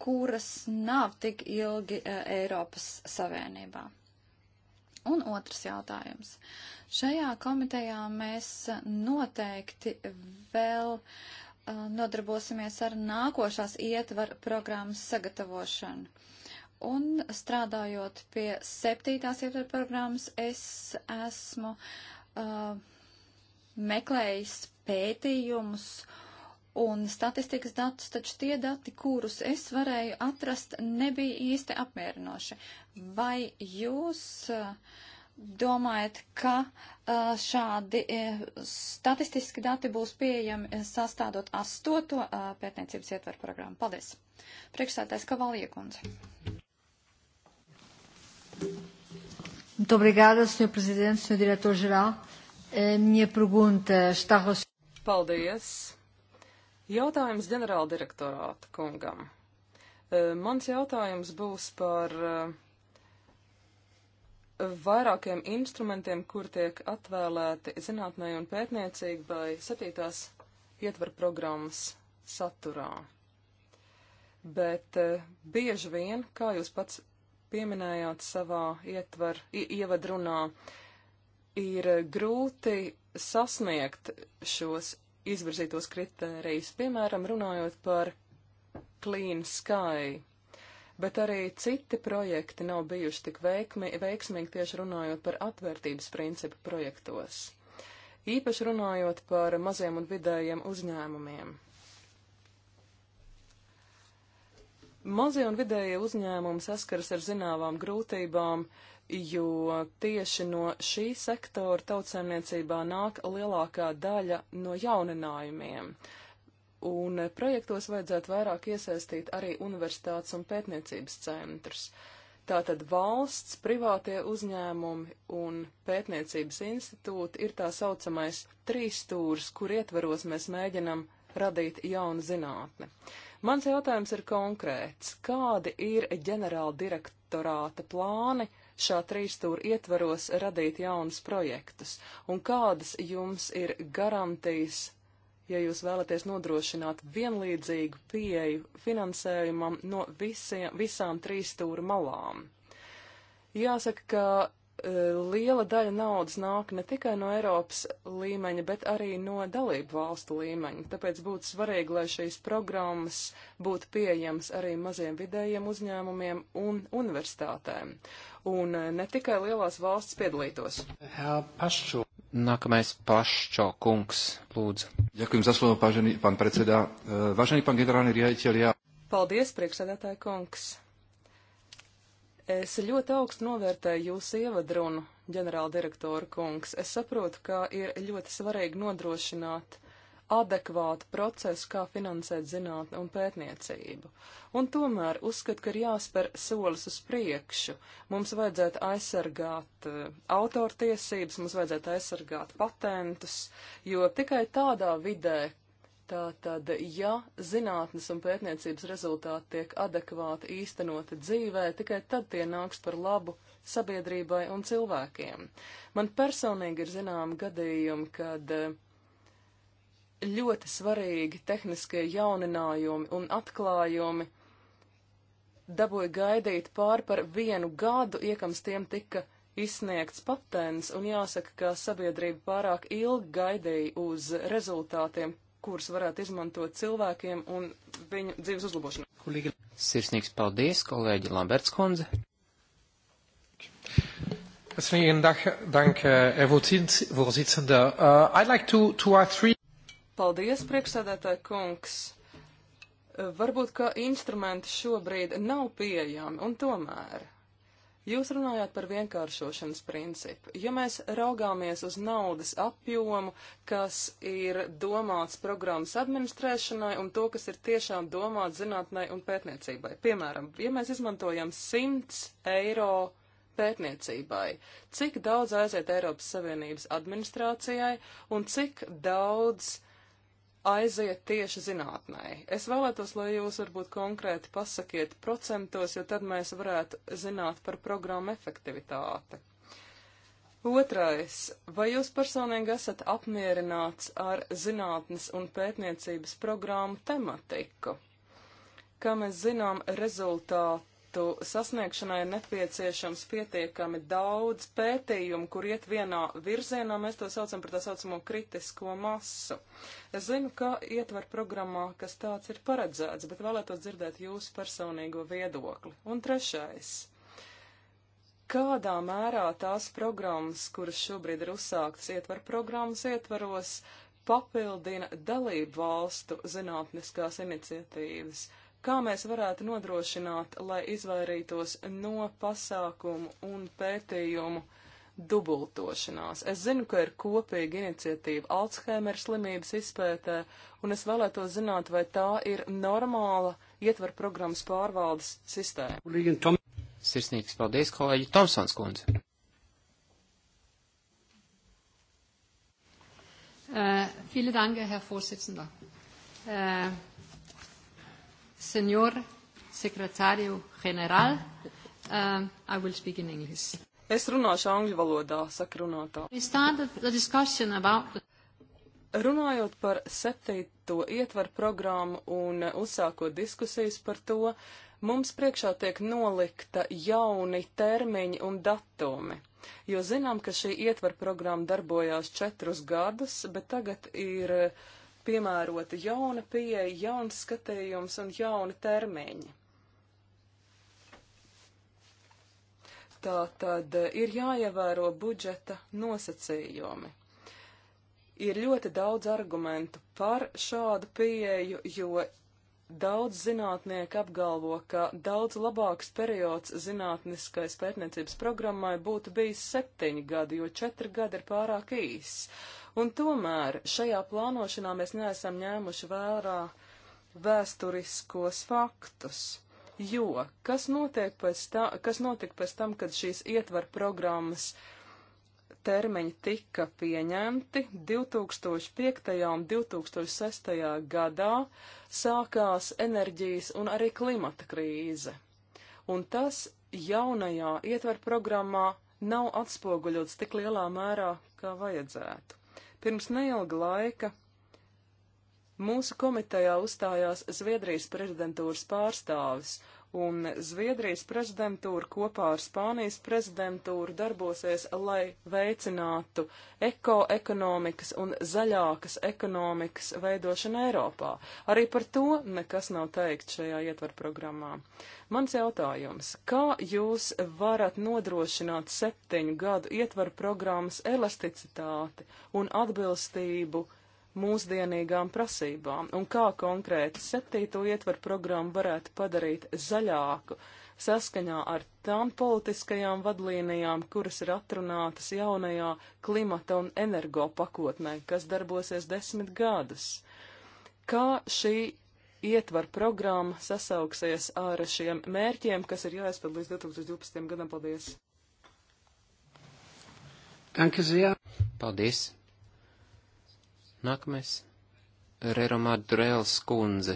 kuras nav tik ilgi eh, Eiropas Savienībā. Un otrs jautājums. Šajā komitejā mēs noteikti vēl uh, nodarbosimies ar nākošās ietvaru programmas sagatavošanu. Un strādājot pie septītās ietvaru programmas, es esmu uh, meklējis pētījumus uh, Un statistikas datus, taču tie dati, kurus es varēju atrast, nebija īsti apmierinoši. Vai jūs eh, domājat, ka eh, šādi eh, statistiski dati būs pieejami sastādot astoto pētniecības ietveru programmu? Paldies! Priekšsētājs Kavaliekundze. Muito obrigada, Sr. Presidente, Sr. Diretor-Geral. A minha pergunta está relacionada. Paldies. Jautājums ģenerāldirektorāta kungam. E, mans jautājums būs par e, vairākiem instrumentiem, kur tiek atvēlēti zinātnē un pētniecībai septītās ietver programmas saturā. Bet e, bieži vien, kā jūs pats pieminējāt savā ietver, ievadrunā, ir grūti sasniegt šos izvirzītos kritērijus, piemēram, runājot par Clean Sky, bet arī citi projekti nav bijuši tik veikmi, veiksmīgi tieši runājot par atvērtības principu projektos. Īpaši runājot par maziem un vidējiem uzņēmumiem. Mazie un vidējie uzņēmumi saskaras ar zināmām grūtībām, uh, jo tieši no šī sektora tautsēmniecībā nāk lielākā daļa no jauninājumiem. Un projektos vajadzētu vairāk iesaistīt arī universitātes un pētniecības centrus. Tātad valsts, privātie uzņēmumi un pētniecības institūti ir tā saucamais trīsstūrs, kur ietveros mēs mēģinam radīt jaunu zinātni. Mans jautājums ir konkrēts. Kādi ir ģenerāla direktorāta plāni šā trīstūra ietvaros radīt jaunus projektus? Un kādas jums ir garantijas, ja jūs vēlaties nodrošināt vienlīdzīgu pieeju finansējumam no visiem, visām trīstūra malām? Jāsaka, ka E, liela daļa naudas nāk ne tikai no Eiropas līmeņa, bet arī no dalību valstu līmeņa. Tāpēc būtu svarīgi, lai šīs programmas būtu pieejamas arī maziem vidējiem uzņēmumiem un universitātēm. Un e, ne tikai lielās valsts piedalītos. Pašu. Nākamais paščo kungs, lūdzu. Ďakujem za slovo, pán predsedā. E, vážený pán generálny riaditeľ, ja. Paldies, priekšsēdētāja kungs. Es ļoti augstu novērtēju jūsu ievadrunu, ģenerāldirektora kungs. Es saprotu, ka ir ļoti svarīgi nodrošināt adekvātu procesu, kā finansēt zinātni un pētniecību. Un tomēr uzskatu, ka ir jāspēr solis uz priekšu. Mums vajadzētu aizsargāt uh, autortiesības, mums vajadzētu aizsargāt patentus, jo tikai tādā vidē, Tātad, ja zinātnes un pētniecības rezultāti tiek adekvāti īstenoti dzīvē, tikai tad tie nāks par labu sabiedrībai un cilvēkiem. Man personīgi ir zināma gadījumi, kad eh, ļoti svarīgi tehniskie jauninājumi un atklājumi dabūja gaidīt pār par vienu gadu, iekams tiem tika izsniegts patents, un jāsaka, ka sabiedrība pārāk ilgi gaidīja uz rezultātiem, kuras varētu izmantot cilvēkiem un viņu dzīves uzlabošanai. Kolīgi. Sirsnīgs paldies, kolēģi Lamberts Konze. Eh, eh, uh, paldies, priekšsēdētāja kungs. Eh, varbūt, ka instrumenti šobrīd nav pieejami, un tomēr Jūs runājāt par vienkāršošanas principu. Ja mēs raugāmies uz naudas apjomu, kas ir domāts programmas administrēšanai un to, kas ir tiešām domāts zinātnai un pētniecībai, piemēram, ja mēs izmantojam 100 eiro pētniecībai, cik daudz aiziet Eiropas Savienības administrācijai un cik daudz uh, aiziet tieši zinātnē. Es vēlētos, lai jūs varbūt konkrēti pasakiet procentos, jo tad mēs varētu zināt par programmu efektivitāti. Otrais. Vai jūs personīgi esat apmierināts ar zinātnes un pētniecības programmu tematiku? Kā mēs zinām, rezultāti mērķu sasniegšanai ir nepieciešams pietiekami daudz pētījumu, kur iet vienā virzienā. Mēs to saucam par tā saucamo kritisko masu. Es zinu, ka ietver programmā, kas tāds ir paredzēts, bet vēlētos dzirdēt jūsu personīgo viedokli. Un trešais kādā mērā tās programmas, kuras šobrīd ir uzsāktas ietver programmas ietvaros, papildina dalību valstu zinātniskās iniciatīvas. Kā mēs varētu nodrošināt, lai izvairītos no pasākumu un pētījumu dubultošanās? Es zinu, ka ir kopīga iniciatīva Alzheimer slimības izpētē, un es vēlētos zināt, vai tā ir normāla ietver programmas pārvaldes sistēma. Sirsnīgs paldies, kolēģi Tomsons kundze. Uh, vielen Dank, Herr Vorsitzender. Uh, Senor Secretario General, uh, I will speak in English. Es runāšu angļu valodā, saka runātā. The... Runājot par septīto ietvaru programmu un uzsākot diskusijas par to, mums priekšā tiek nolikta jauni termiņi un datumi. Jo zinām, ka šī ietvaru programma darbojās četrus gadus, bet tagad ir uh, piemērota jauna pieeja, jauns skatījums un jauni termiņi. Tā tad eh, ir jāievēro budžeta nosacījumi. Ir ļoti daudz argumentu par šādu pieeju, jo Daudz zinātnieki apgalvo, ka daudz labāks periods zinātniskais pētniecības programmai būtu bijis septiņi gadi, jo četri gadi ir pārāk īss. Un tomēr šajā plānošanā mēs neesam ņēmuši vērā vēsturiskos faktus. Jo, kas, notiek pēc tā, kas notika pēc tam, kad šīs ietvar programmas termiņi tika pieņemti 2005. un 2006. gadā sākās enerģijas un arī klimata krīze. Un tas jaunajā ietver programmā nav atspoguļots tik lielā mērā, kā vajadzētu. Pirms neilga laika mūsu komitejā uzstājās Zviedrijas prezidentūras pārstāvis, un Zviedrijas prezidentūra kopā ar Spānijas prezidentūru darbosies, lai veicinātu ekoekonomikas un zaļākas ekonomikas veidošanu Eiropā. Arī par to nekas nav teikt šajā ietvaru programmā. Mans jautājums, kā jūs varat nodrošināt septiņu gadu ietvaru programmas elasticitāti un atbilstību? mūsdienīgām prasībām un kā konkrēti septīto ietvaru programmu varētu padarīt zaļāku saskaņā ar tām politiskajām vadlīnijām, kuras ir atrunātas jaunajā klimata un energo pakotnē, kas darbosies desmit gadus. Kā šī ietvar programma sasauksies ar šiem mērķiem, kas ir jāizpild līdz 2012. gadam? Paldies! Danke sehr. Paldies! Nākamais. Reromā Drēls kundze.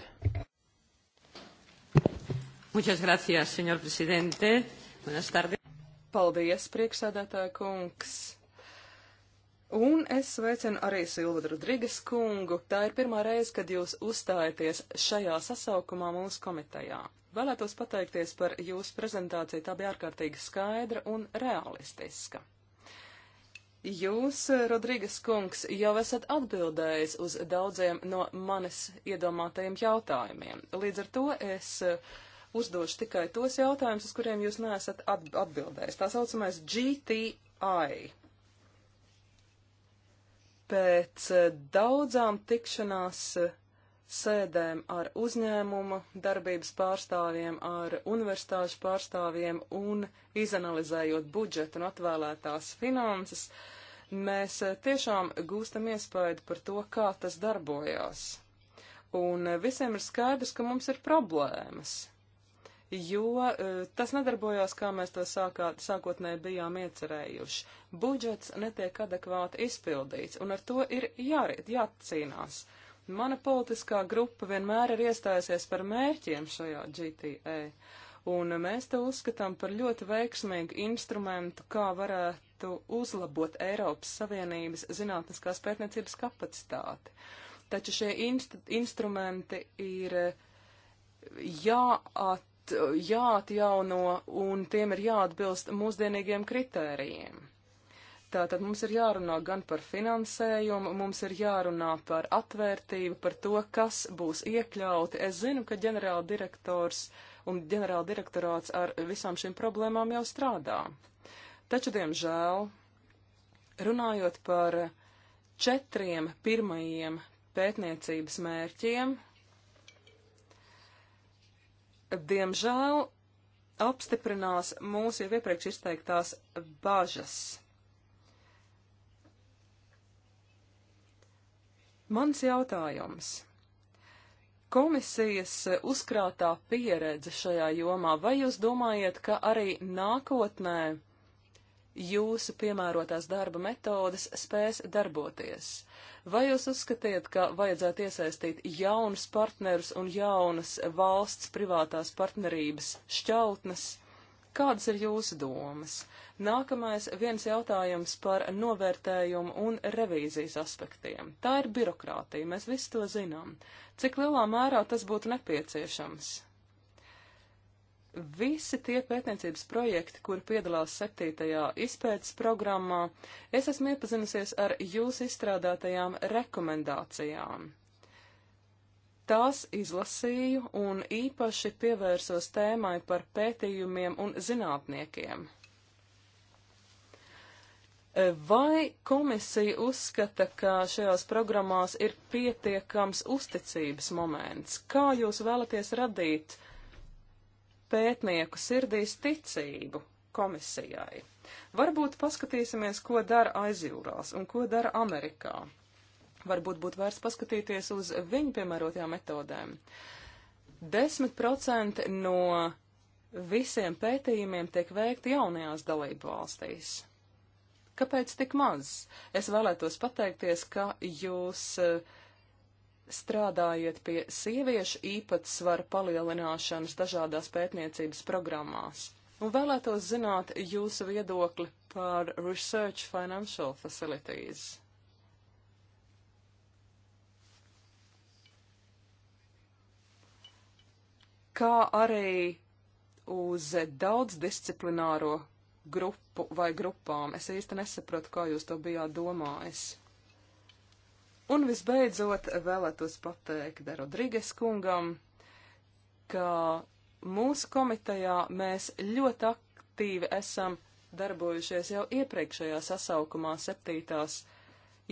Muchas gracias, señor presidente. Buenas tardes. Paldies, priekšsēdētāja kungs. Un es sveicinu arī Silvadu Rodrigas kungu. Tā ir pirmā reize, kad jūs uzstājaties šajā sasaukumā mūsu komitejā. Vēlētos pateikties par jūsu prezentāciju. Tā bija ārkārtīgi skaidra un realistiska. Jūs, Rodrīgas kungs, jau esat atbildējis uz daudziem no manis iedomātajiem jautājumiem. Līdz ar to es uh, uzdošu tikai tos jautājumus, uz kuriem jūs neesat atbildējis. Tā saucamais GTI. Pēc uh, daudzām tikšanās uh, sēdēm ar uzņēmumu, darbības pārstāvjiem, ar universitāšu pārstāvjiem un izanalizējot budžetu un atvēlētās finanses, uh, Mēs eh, tiešām gūstam iespēju par to, kā tas darbojās. Un eh, visiem ir skaidrs, ka mums ir problēmas, jo eh, tas nedarbojās, kā mēs to sākā, sākotnēji bijām iecerējuši. Budžets netiek adekvāti izpildīts, un ar to ir jā, jācīnās. Mana politiskā grupa vienmēr ir iestājusies par mērķiem šajā GTA. Uh, e un mēs to uzskatām par ļoti veiksmīgu instrumentu, kā varētu uzlabot Eiropas Savienības zinātniskās pētniecības kapacitāti. Taču šie inst instrumenti ir eh, jāat jāatjauno un tiem ir jāatbilst mūsdienīgiem kritērijiem. Tātad mums ir jārunā gan par finansējumu, mums ir jārunā par atvērtību, par to, kas būs iekļauti. Es zinu, ka ģenerāla direktors uh, un ģenerāla direktorāts ar visām šīm problēmām jau strādā. Taču, diemžēl, runājot par četriem pirmajiem pētniecības mērķiem, diemžēl apstiprinās mūsu jau iepriekš izteiktās bažas. Mans jautājums komisijas uzkrātā pieredze šajā jomā, vai jūs domājat, ka arī nākotnē jūsu piemērotās darba metodas spēs darboties? Vai jūs uzskatiet, ka vajadzētu iesaistīt jaunus partnerus un jaunas valsts privātās partnerības šķautnes? Kādas ir jūsu domas? Nākamais viens jautājums par novērtējumu un revīzijas aspektiem. Tā ir birokrātija, mēs visi to zinām. Cik lielā mērā tas būtu nepieciešams? Visi tie pētniecības projekti, kur piedalās septītajā izpētes programmā, es esmu iepazinusies ar jūsu izstrādātajām rekomendācijām. Tās izlasīju un īpaši pievērsos tēmai par pētījumiem un zinātniekiem. Vai komisija uzskata, ka šajās programmās ir pietiekams uzticības moments? Kā jūs vēlaties radīt pētnieku sirdīs ticību komisijai? Varbūt paskatīsimies, ko dara aizjūrās un ko dara Amerikā. Varbūt būtu vērts paskatīties uz viņu piemērotajām metodēm. 10% no visiem pētījumiem tiek veikti jaunajās dalību valstīs. Kāpēc tik maz? Es vēlētos pateikties, ka jūs eh, strādājiet pie sieviešu īpatsvara palielināšanas dažādās pētniecības programmās. Un vēlētos zināt jūsu viedokli par Research Financial Facilities. kā arī uz daudzdisciplināro grupu vai grupām. Es īsti nesaprotu, kā jūs to bijāt domājis. Un visbeidzot vēlētos pateikt Rodrīgas kungam, ka mūsu komitejā mēs ļoti aktīvi esam darbojušies jau iepriekšējā sasaukumā septītās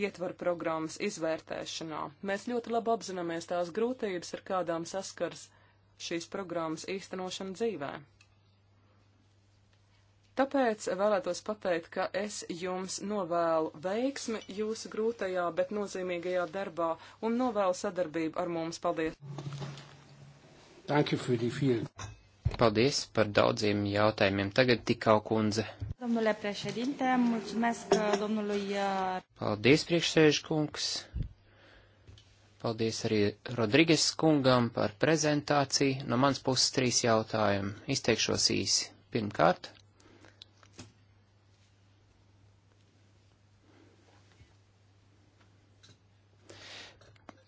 ietvaru programmas izvērtēšanā. Mēs ļoti labi apzināmies tās grūtības, ar kādām saskars šīs programmas īstenošanu dzīvē. Tāpēc vēlētos pateikt, ka es jums novēlu veiksmi jūsu grūtajā, bet nozīmīgajā darbā un novēlu sadarbību ar mums. Paldies! Paldies par daudziem jautājumiem. Tagad tikau kundze. Domnule președinte, mulțumesc domnului... Uh, Paldies, priekšsēžkungs. Paldies arī Rodriges kungam par prezentāciju. No mans puses trīs jautājumi. Izteikšos īsi. Pirmkārt.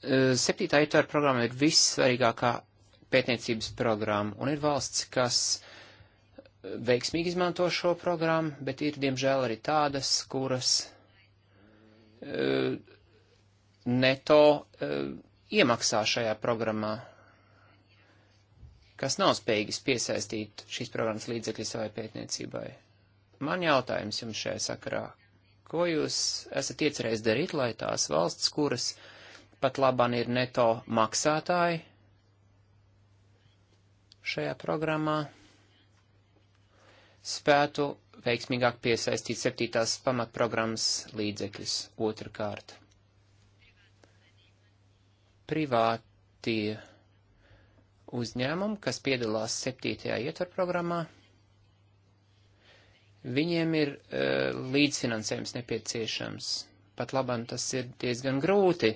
Eh, septītā ietvara programma ir vissvarīgākā pētniecības programma, un ir valsts, kas veiksmīgi izmanto šo programmu, bet ir, diemžēl, arī tādas, kuras uh, neto e, iemaksā šajā programmā, kas nav spējīgas piesaistīt šīs programmas līdzekļi savai pētniecībai. Man jautājums jums šajā sakarā. Ko jūs esat iecerējis darīt, lai tās valsts, kuras pat labāk ir neto maksātāji šajā programmā, spētu veiksmīgāk piesaistīt septītās pamatprogrammas līdzekļus otrkārt? privātie uzņēmumi, kas piedalās septītajā ietvarprogrammā, viņiem ir uh, līdzfinansējums nepieciešams. Pat labam tas ir diezgan grūti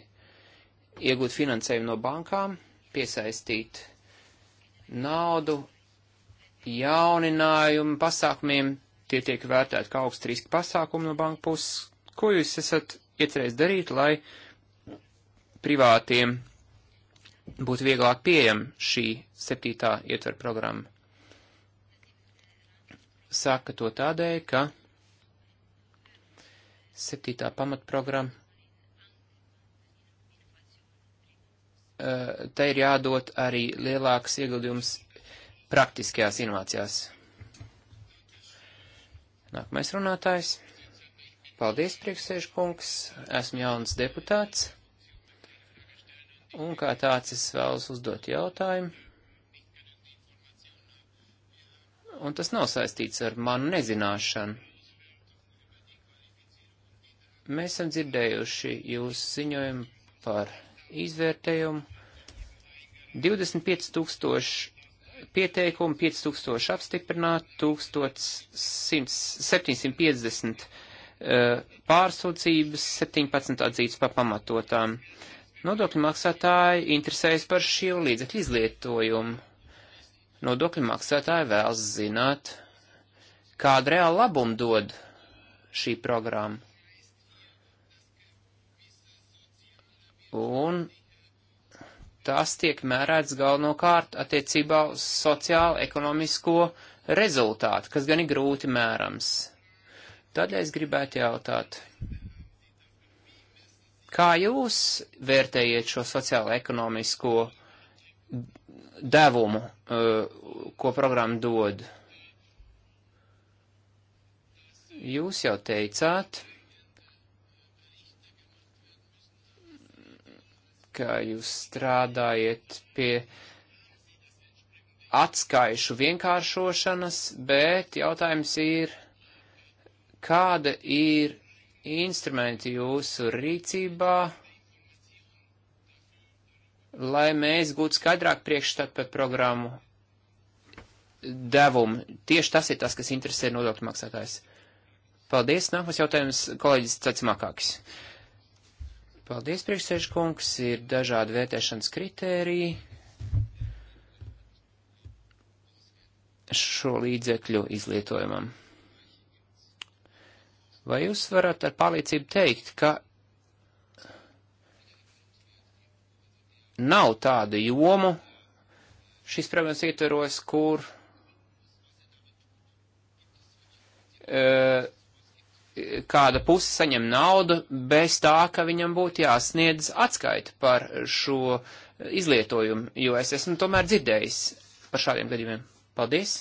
iegūt finansējumu no bankām, piesaistīt naudu jauninājumu pasākumiem, tie tiek vērtēti kā augsta riska pasākumi no banka puses. Ko jūs esat iecerējis darīt, lai uh, privātiem būtu vieglāk pieejama šī septītā ietver programma. Saka to tādēļ, ka septītā pamatprogramma eh, tai ir jādod arī lielāks ieguldījums praktiskajās inovācijās. Nākamais runātājs. Paldies, priekšsēžkungs. Esmu jauns deputāts. Un kā tāds es vēlos uzdot jautājumu. Un tas nav saistīts ar manu nezināšanu. Mēs esam dzirdējuši jūsu ziņojumu par izvērtējumu. 25 tūkstoši pieteikumu, 5 tūkstoši apstiprināt, 1750 uh, pārsūdzības, 17 atzītas pa pamatotām. Uh, Nodokļu maksātāji interesējas par šī līdzekļu izlietojumu. Nodokļu maksātāji vēlas zināt, kādu reālu labumu dod šī programma. Un tas tiek mērēts galvenokārt attiecībā uz sociālo-ekonomisko rezultātu, kas gan ir grūti mērams. Tādēļ es gribētu jautāt, Kā jūs vērtējat šo sociālo-ekonomisko devumu, eh, ko programma dod? Jūs jau teicāt, ka jūs strādājat pie atskaišu vienkāršošanas, bet jautājums ir, kāda ir instrumenti jūsu rīcībā, lai mēs gūtu skaidrāk priekšstatu par programmu devumu. Tieši tas ir tas, kas interesē nodokļu maksātājs. Paldies. Nākamais jautājums kolēģis Cacimakākis. Paldies, priekšsēžkungs. Ir dažādi vērtēšanas kritēriji. šo līdzekļu izlietojumam. Vai jūs varat ar pārliecību teikt, ka nav tādu jomu šīs programmas ietveros, kur e, kāda puse saņem naudu bez tā, ka viņam būtu jāsniedz atskaita par šo izlietojumu, jo es esmu tomēr dzirdējis par šādiem gadījumiem. Paldies!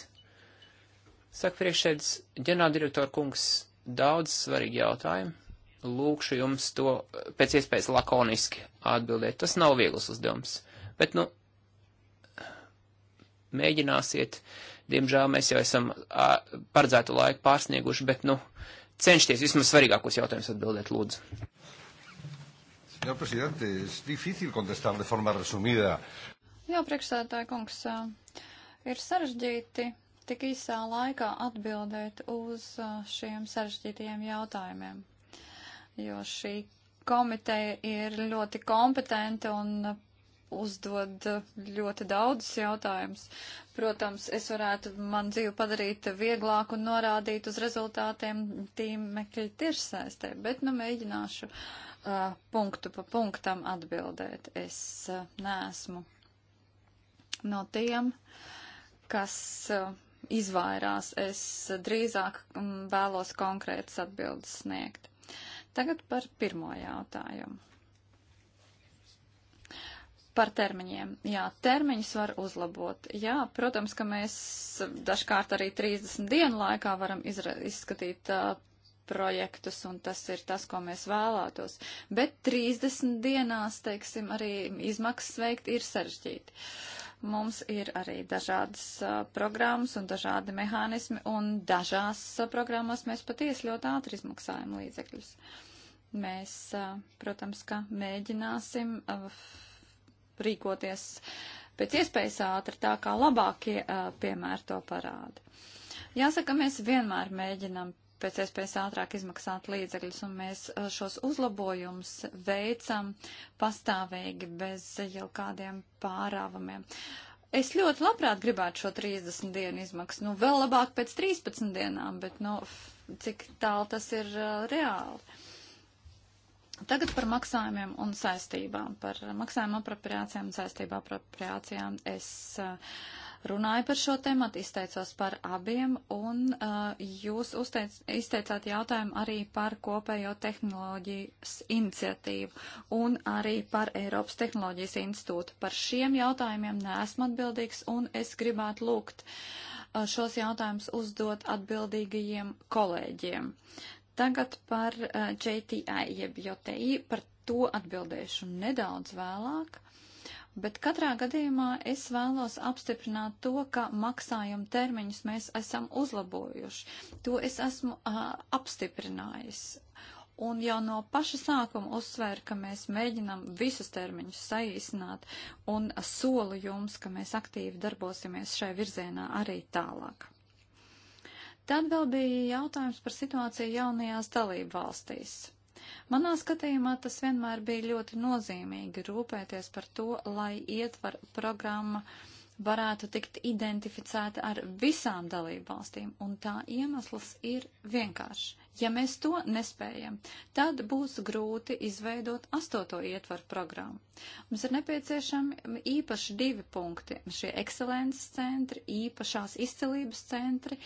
Saka priekšsēdz ģenerāldirektora kungs daudz svarīgi jautājumi. Lūkšu jums to eh, pēc iespējas lakoniski atbildēt. Tas nav viegls uzdevums. Bet, nu, mēģināsiet. Diemžēl mēs jau esam paredzētu laiku pārsnieguši, bet, nu, cenšties vismaz svarīgākos jautājumus atbildēt, lūdzu. Señor presidente, es difícil contestar de forma resumida. Jā, priekšsēdētāji kungs, ir sarežģīti tik īsā laikā atbildēt uz šiem sarežģītajiem jautājumiem, jo šī komiteja ir ļoti kompetenta un uzdod ļoti daudzus jautājumus. Protams, es varētu man dzīvi padarīt vieglāku un norādīt uz rezultātiem tīmekļa tirsēstē, bet nu mēģināšu uh, punktu pa punktam atbildēt. Es uh, neesmu no tiem, kas uh, izvairās. Es drīzāk mm, vēlos konkrētas atbildes sniegt. Tagad par pirmo jautājumu. Par termiņiem. Jā, termiņus var uzlabot. Jā, protams, ka mēs dažkārt arī 30 dienu laikā varam izskatīt uh, projektus, un tas ir tas, ko mēs vēlētos. Bet 30 dienās, teiksim, arī izmaksas veikt ir sarežģīti. Uh, Mums ir arī dažādas uh, programmas un dažādi mehānismi, un dažās uh, programmās mēs patiesi ļoti ātri izmaksājam līdzekļus. Mēs, uh, protams, ka mēģināsim uh, rīkoties pēc iespējas ātri tā, kā labākie uh, piemēri to parāda. Jāsaka, mēs vienmēr mēģinam pēc iespējas ātrāk izmaksāt līdzekļus, un mēs uh, šos uzlabojumus veicam pastāvīgi bez jau kādiem pārāvumiem. Es ļoti labprāt gribētu šo 30 dienu izmaksu, nu vēl labāk pēc 13 dienām, bet nu, cik tālu tas ir uh, reāli. Tagad par maksājumiem un saistībām. Par maksājumu apropriācijām un saistību apropriācijām es uh, runāju par šo tematu, izteicos par abiem, un uh, jūs uzteic, izteicāt jautājumu arī par kopējo tehnoloģijas iniciatīvu un arī par Eiropas tehnoloģijas institūtu. Par šiem jautājumiem neesmu atbildīgs, un es gribētu lūgt uh, šos jautājumus uzdot atbildīgajiem kolēģiem. Tagad par uh, JTI, jeb JTI, par to atbildēšu nedaudz vēlāk. Bet katrā gadījumā es vēlos apstiprināt to, ka maksājuma termiņus mēs esam uzlabojuši. To es esmu uh, apstiprinājis. Un jau no paša sākuma uzsvēru, ka mēs mēģinam visus termiņus saīsināt un solu jums, ka mēs aktīvi darbosimies šai virzienā arī tālāk. Tad vēl bija jautājums par situāciju jaunajās dalību valstīs. Manā skatījumā tas vienmēr bija ļoti nozīmīgi rūpēties par to, lai ietver programma varētu tikt identificēta ar visām dalībvalstīm, un tā iemesls ir vienkārši. Ja mēs to nespējam, tad būs grūti izveidot astoto ietvaru programmu. Mums ir nepieciešami īpaši divi punkti - šie ekscelences centri, īpašās izcelības centri,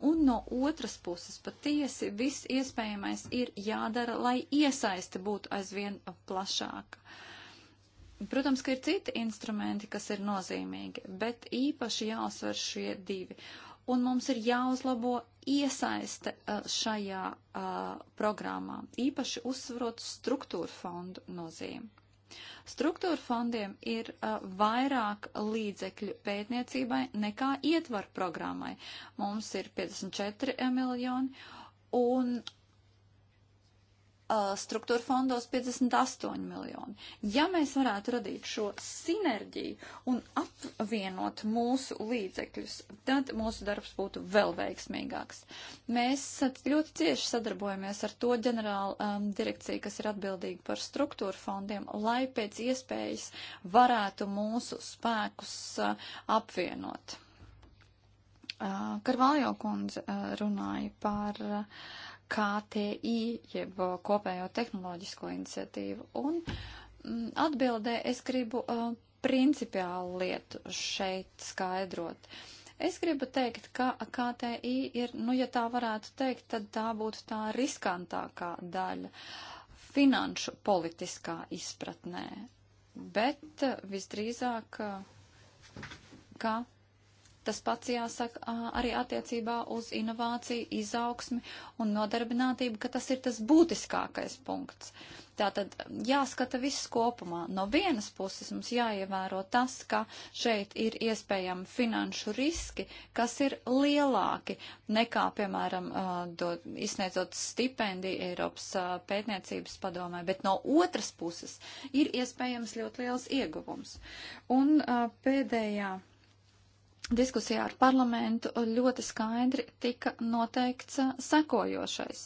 Un no otras puses, patiesi viss iespējamais ir jādara, lai iesaiste būtu aizvien plašāka. Protams, ka ir citi instrumenti, kas ir nozīmīgi, bet īpaši jāuzsver šie divi. Un mums ir jāuzlabo iesaiste šajā uh, programmā, īpaši uzsverot struktūra fondu nozīmi. Struktūra fondiem ir uh, vairāk līdzekļu pētniecībai nekā ietvar programmai. Mums ir 54 miljoni un Uh, struktūra fondos 58 miljoni. Ja mēs varētu radīt šo sinerģiju un apvienot mūsu līdzekļus, tad mūsu darbs būtu vēl veiksmīgāks. Mēs ļoti cieši sadarbojamies ar to ģenerālu um, direkciju, kas ir atbildīga par struktūra fondiem, lai pēc iespējas varētu mūsu spēkus uh, apvienot. Uh, Karvaljo kundze uh, runāja par uh, KTI, jeb uh, kopējo tehnoloģisko iniciatīvu. Un mm, atbildē es gribu uh, principiālu lietu šeit skaidrot. Es gribu teikt, ka KTI ir, nu, ja tā varētu teikt, tad tā būtu tā riskantākā daļa finanšu politiskā izpratnē. Bet uh, visdrīzāk, uh, ka Tas pats jāsaka arī attiecībā uz inovāciju, izaugsmi un nodarbinātību, ka tas ir tas būtiskākais punkts. Tātad jāskata viss kopumā. No vienas puses mums jāievēro tas, ka šeit ir iespējami finanšu riski, kas ir lielāki nekā, piemēram, do, izsniedzot stipendiju Eiropas pētniecības padomē, bet no otras puses ir iespējams ļoti liels ieguvums. Un pēdējā diskusijā ar parlamentu ļoti skaidri tika noteikts sekojošais.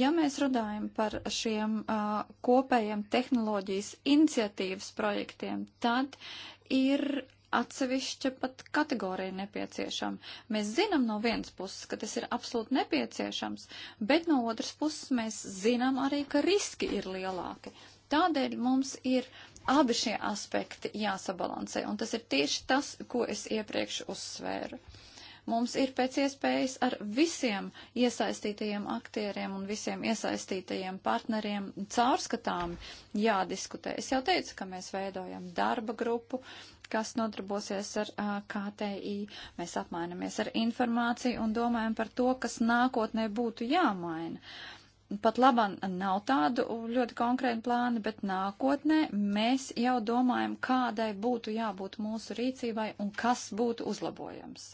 Ja mēs runājam par šiem uh, kopējiem tehnoloģijas iniciatīvas projektiem, tad ir atsevišķa pat kategorija nepieciešama. Mēs zinām no vienas puses, ka tas ir absolūti nepieciešams, bet no otras puses mēs zinām arī, ka riski ir lielāki. Tādēļ mums ir uh, Abi šie aspekti jāsabalansē, un tas ir tieši tas, ko es iepriekš uzsvēru. Mums ir pēc iespējas ar visiem iesaistītajiem aktieriem un visiem iesaistītajiem partneriem caurskatāmi jādiskutē. Es jau teicu, ka mēs veidojam darba grupu, kas nodarbosies ar uh, KTI. Mēs apmainamies ar informāciju un domājam par to, kas nākotnē būtu jāmaina. Uh, pat labam nav tādu ļoti konkrētu plānu, bet nākotnē mēs jau domājam, kādai būtu jābūt mūsu rīcībai un kas būtu uzlabojams.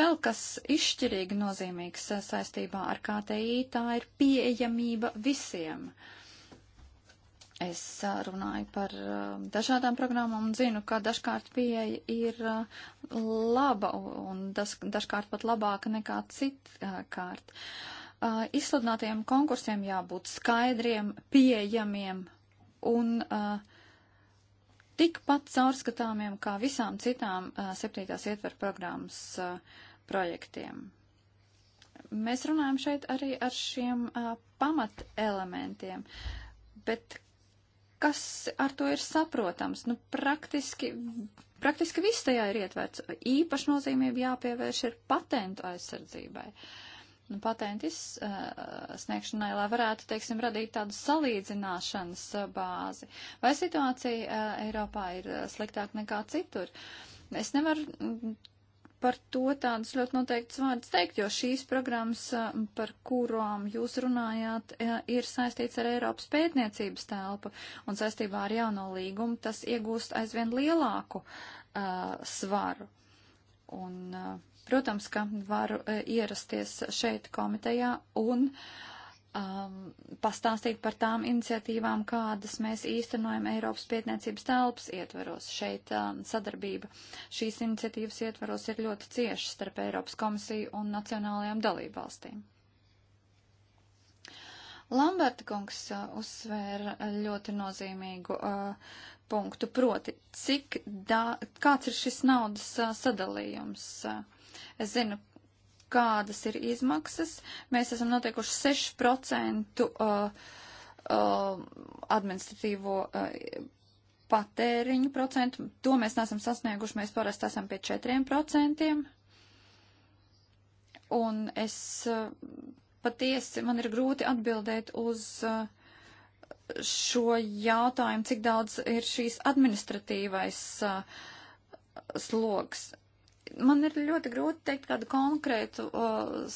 Vēl kas izšķirīgi nozīmīgs saistībā ar KTI, tā ir pieejamība visiem. Es runāju par dažādām programmām un zinu, ka dažkārt pieeja ir laba un dažkārt pat labāka nekā citkārt. Uh, Uh, izsludinātajiem konkursiem jābūt skaidriem, pieejamiem un uh, tikpat caurskatāmiem kā visām citām uh, septītās ietver programmas uh, projektiem. Mēs runājam šeit arī ar šiem uh, pamat elementiem, bet kas ar to ir saprotams? Nu, praktiski, praktiski viss tajā ir ietverts. Īpaši nozīmību jāpievērš ir patentu aizsardzībai. Uh, Nu, patentu izsniegšanai, eh, lai varētu, teiksim, radīt tādu salīdzināšanas eh, bāzi. Vai situācija eh, Eiropā ir sliktāka nekā citur? Es nevaru mm, par to tādus ļoti noteiktus vārdus teikt, jo šīs programmas, par kurām jūs runājāt, ir saistīts ar Eiropas pētniecības telpu un saistībā ar jauno līgumu tas iegūst aizvien lielāku uh, svaru. Un, uh, Protams, ka varu e, ierasties šeit komitejā un um, pastāstīt par tām iniciatīvām, kādas mēs īstenojam Eiropas pietniecības telpas ietveros. Šeit um, sadarbība šīs iniciatīvas ietveros ir ļoti cieša starp Eiropas komisiju un nacionālajām dalībvalstīm. Lamberta kungs uh, uzsvēra ļoti nozīmīgu uh, punktu, proti, cik da, kāds ir šis naudas uh, sadalījums. Uh, Es zinu, kādas ir izmaksas. Mēs esam noteikuši 6% uh, uh, administratīvo uh, patēriņu procentu. To mēs neesam sasnieguši, mēs parasti esam pie 4%. Un es uh, patiesi, man ir grūti atbildēt uz uh, šo jautājumu, cik daudz ir šīs administratīvais uh, sloks. Man ir ļoti grūti teikt kādu konkrētu o,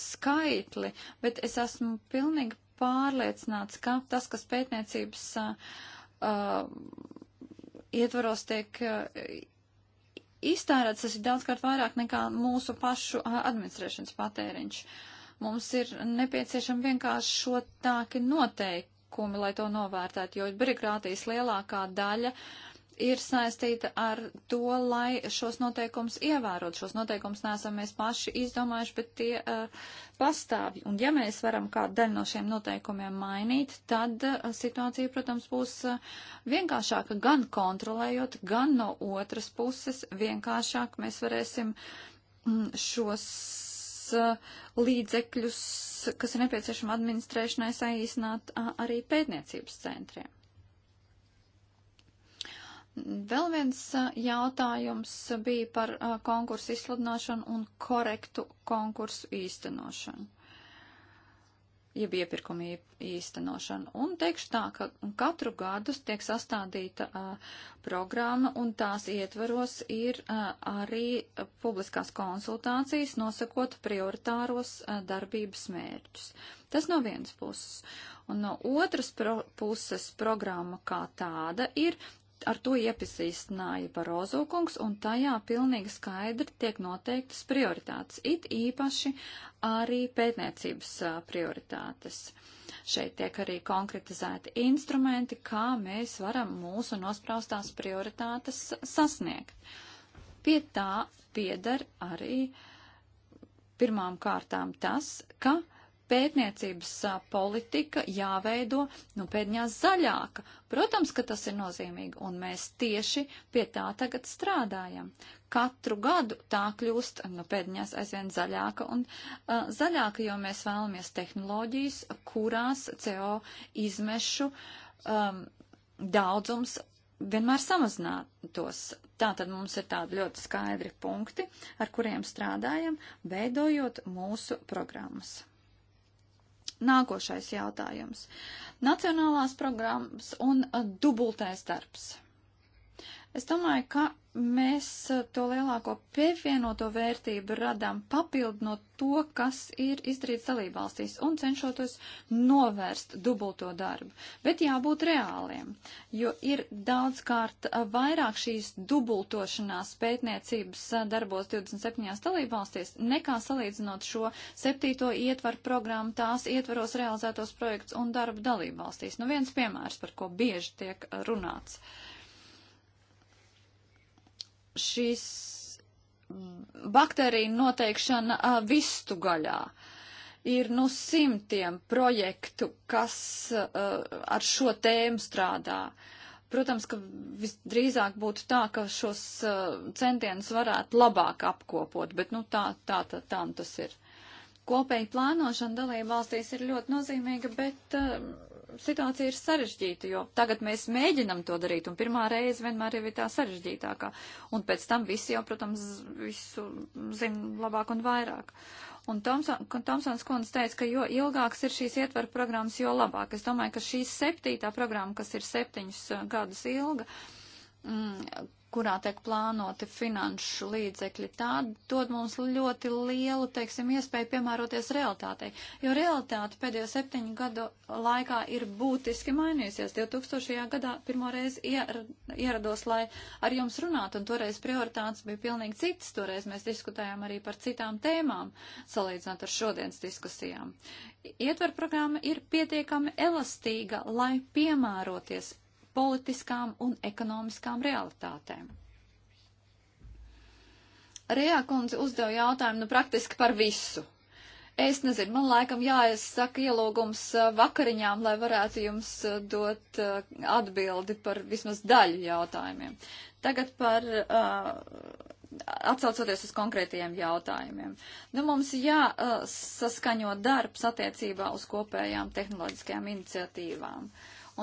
skaitli, bet es esmu pilnīgi pārliecināts, ka tas, kas pētniecības o, ietvaros tiek iztērēts, tas ir daudzkārt vairāk nekā mūsu pašu administrēšanas patēriņš. Mums ir nepieciešama vienkārši šo tāki noteikumi, lai to novērtētu, jo birokrātijas lielākā daļa uh, ir saistīta ar to, lai šos noteikumus ievērot. Šos noteikumus neesam mēs paši izdomājuši, bet tie uh, pastāv. Un ja mēs varam kādu daļu no šiem noteikumiem mainīt, tad uh, situācija, protams, būs uh, vienkāršāka gan kontrolējot, gan no otras puses vienkāršāk mēs varēsim mm, šos uh, līdzekļus, kas ir nepieciešami administrēšanai, saīsināt uh, arī pētniecības centriem. Vēl viens jautājums bija par konkursu izsludināšanu un korektu konkursu īstenošanu, jeb iepirkumu īstenošanu. Un teikšu tā, ka katru gadu tiek sastādīta uh, programma un tās ietveros ir uh, arī publiskās konsultācijas nosakot prioritāros uh, darbības mērķus. Tas no vienas puses. Un no otras pro puses programma kā tāda ir ar to iepazīstināja Barozo kungs, un tajā pilnīgi skaidri tiek noteiktas prioritātes, it īpaši arī pētniecības a, prioritātes. Šeit tiek arī konkretizēti instrumenti, kā mēs varam mūsu nospraustās prioritātes sasniegt. Pie tā piedar arī pirmām kārtām tas, ka pētniecības politika jāveido, nu, pēdņās zaļāka. Protams, ka tas ir nozīmīgi, un mēs tieši pie tā tagad strādājam. Katru gadu tā kļūst, nu, pēdņās aizvien zaļāka un uh, zaļāka, jo mēs vēlamies tehnoloģijas, kurās CO izmešu um, daudzums vienmēr samazinātos. Tātad mums ir tādi ļoti skaidri punkti, ar kuriem strādājam, veidojot mūsu programmas. Nākošais jautājums. Nacionālās programmas un dubultais darbs. Es domāju, ka mēs eh, to lielāko pievienoto vērtību radām papildinot to, kas ir izdarīts dalībvalstīs un cenšoties novērst dubulto darbu. Bet jābūt reāliem, jo ir daudzkārt eh, vairāk šīs dubultošanās pētniecības eh, darbos 27 dalībvalstīs nekā salīdzinot šo septīto ietvaru programmu, tās ietvaros realizētos projekts un darbu dalībvalstīs. Nu viens piemērs, par ko bieži tiek runāts. Uh, šīs baktērija noteikšana uh, vistu gaļā. Ir nu simtiem projektu, kas uh, ar šo tēmu strādā. Protams, ka visdrīzāk būtu tā, ka šos uh, centienus varētu labāk apkopot, bet nu tā, tā, tā, tā tas ir. Kopēji plānošana dalība valstīs ir ļoti nozīmīga, bet uh, situācija ir sarežģīta, jo tagad mēs mēģinam to darīt, un pirmā reize vienmēr ir tā sarežģītākā. Un pēc tam visi jau, protams, visu zina labāk un vairāk. Un Tomsons kundze teica, ka jo ilgāks ir šīs ietvaru programmas, jo labāk. Es domāju, ka šī septītā programma, kas ir septiņus eh, gadus ilga, mm, kurā tiek plānoti finanšu līdzekļi, tā dod mums ļoti lielu, teiksim, iespēju piemēroties realitātei. Jo realitāte pēdējo septiņu gadu laikā ir būtiski mainījusies. 2000. gadā pirmo reizi ierados, lai ar jums runātu, un toreiz prioritātes bija pilnīgi citas. Toreiz mēs diskutējām arī par citām tēmām, salīdzinot ar šodienas diskusijām. Ietver programma ir pietiekami elastīga, lai piemēroties politiskām un ekonomiskām realitātēm. Rejā kundze uzdeva jautājumu nu, praktiski par visu. Es nezinu, man laikam jāizsaka ielūgums uh, vakariņām, lai varētu jums uh, dot uh, atbildi par vismaz daļu jautājumiem. Tagad par uh, atsaucoties uz konkrētajiem jautājumiem. Nu, mums jāsaskaņo darbs attiecībā uz kopējām tehnoloģiskajām iniciatīvām.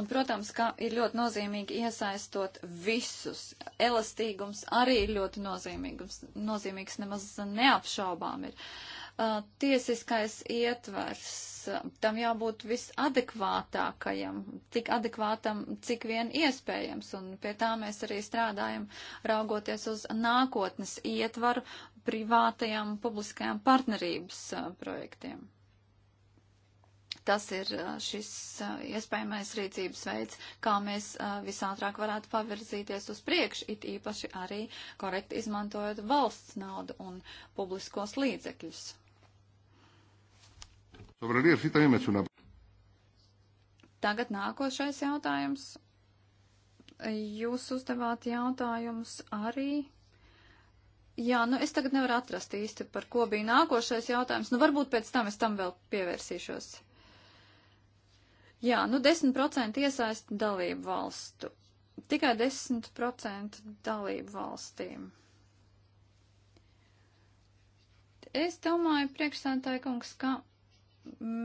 Un, protams, ka ir ļoti nozīmīgi iesaistot visus. Elastīgums arī ir ļoti nozīmīgs, nozīmīgs nemaz neapšaubām ir. Uh, uh, tiesiskais ietvars, uh, tam jābūt visadekvātākajam, tik adekvātam, cik vien iespējams, un pie tā mēs arī strādājam, raugoties uz nākotnes ietvaru privātajām publiskajām partnerības uh, projektiem. Tas ir šis iespējamais rīcības veids, kā mēs visātrāk varētu pavirzīties uz priekšu, it īpaši arī korekti izmantojot valsts naudu un publiskos līdzekļus. Tagad nākošais jautājums. Jūs uzdevāt jautājumus arī. Jā, nu es tagad nevaru atrast īsti, par ko bija nākošais jautājums. Nu varbūt pēc tam es tam vēl pievērsīšos. Jā, nu 10% iesaist dalību valstu. Tikai 10% dalību valstīm. Es domāju, priekšsēdētāji kungs, ka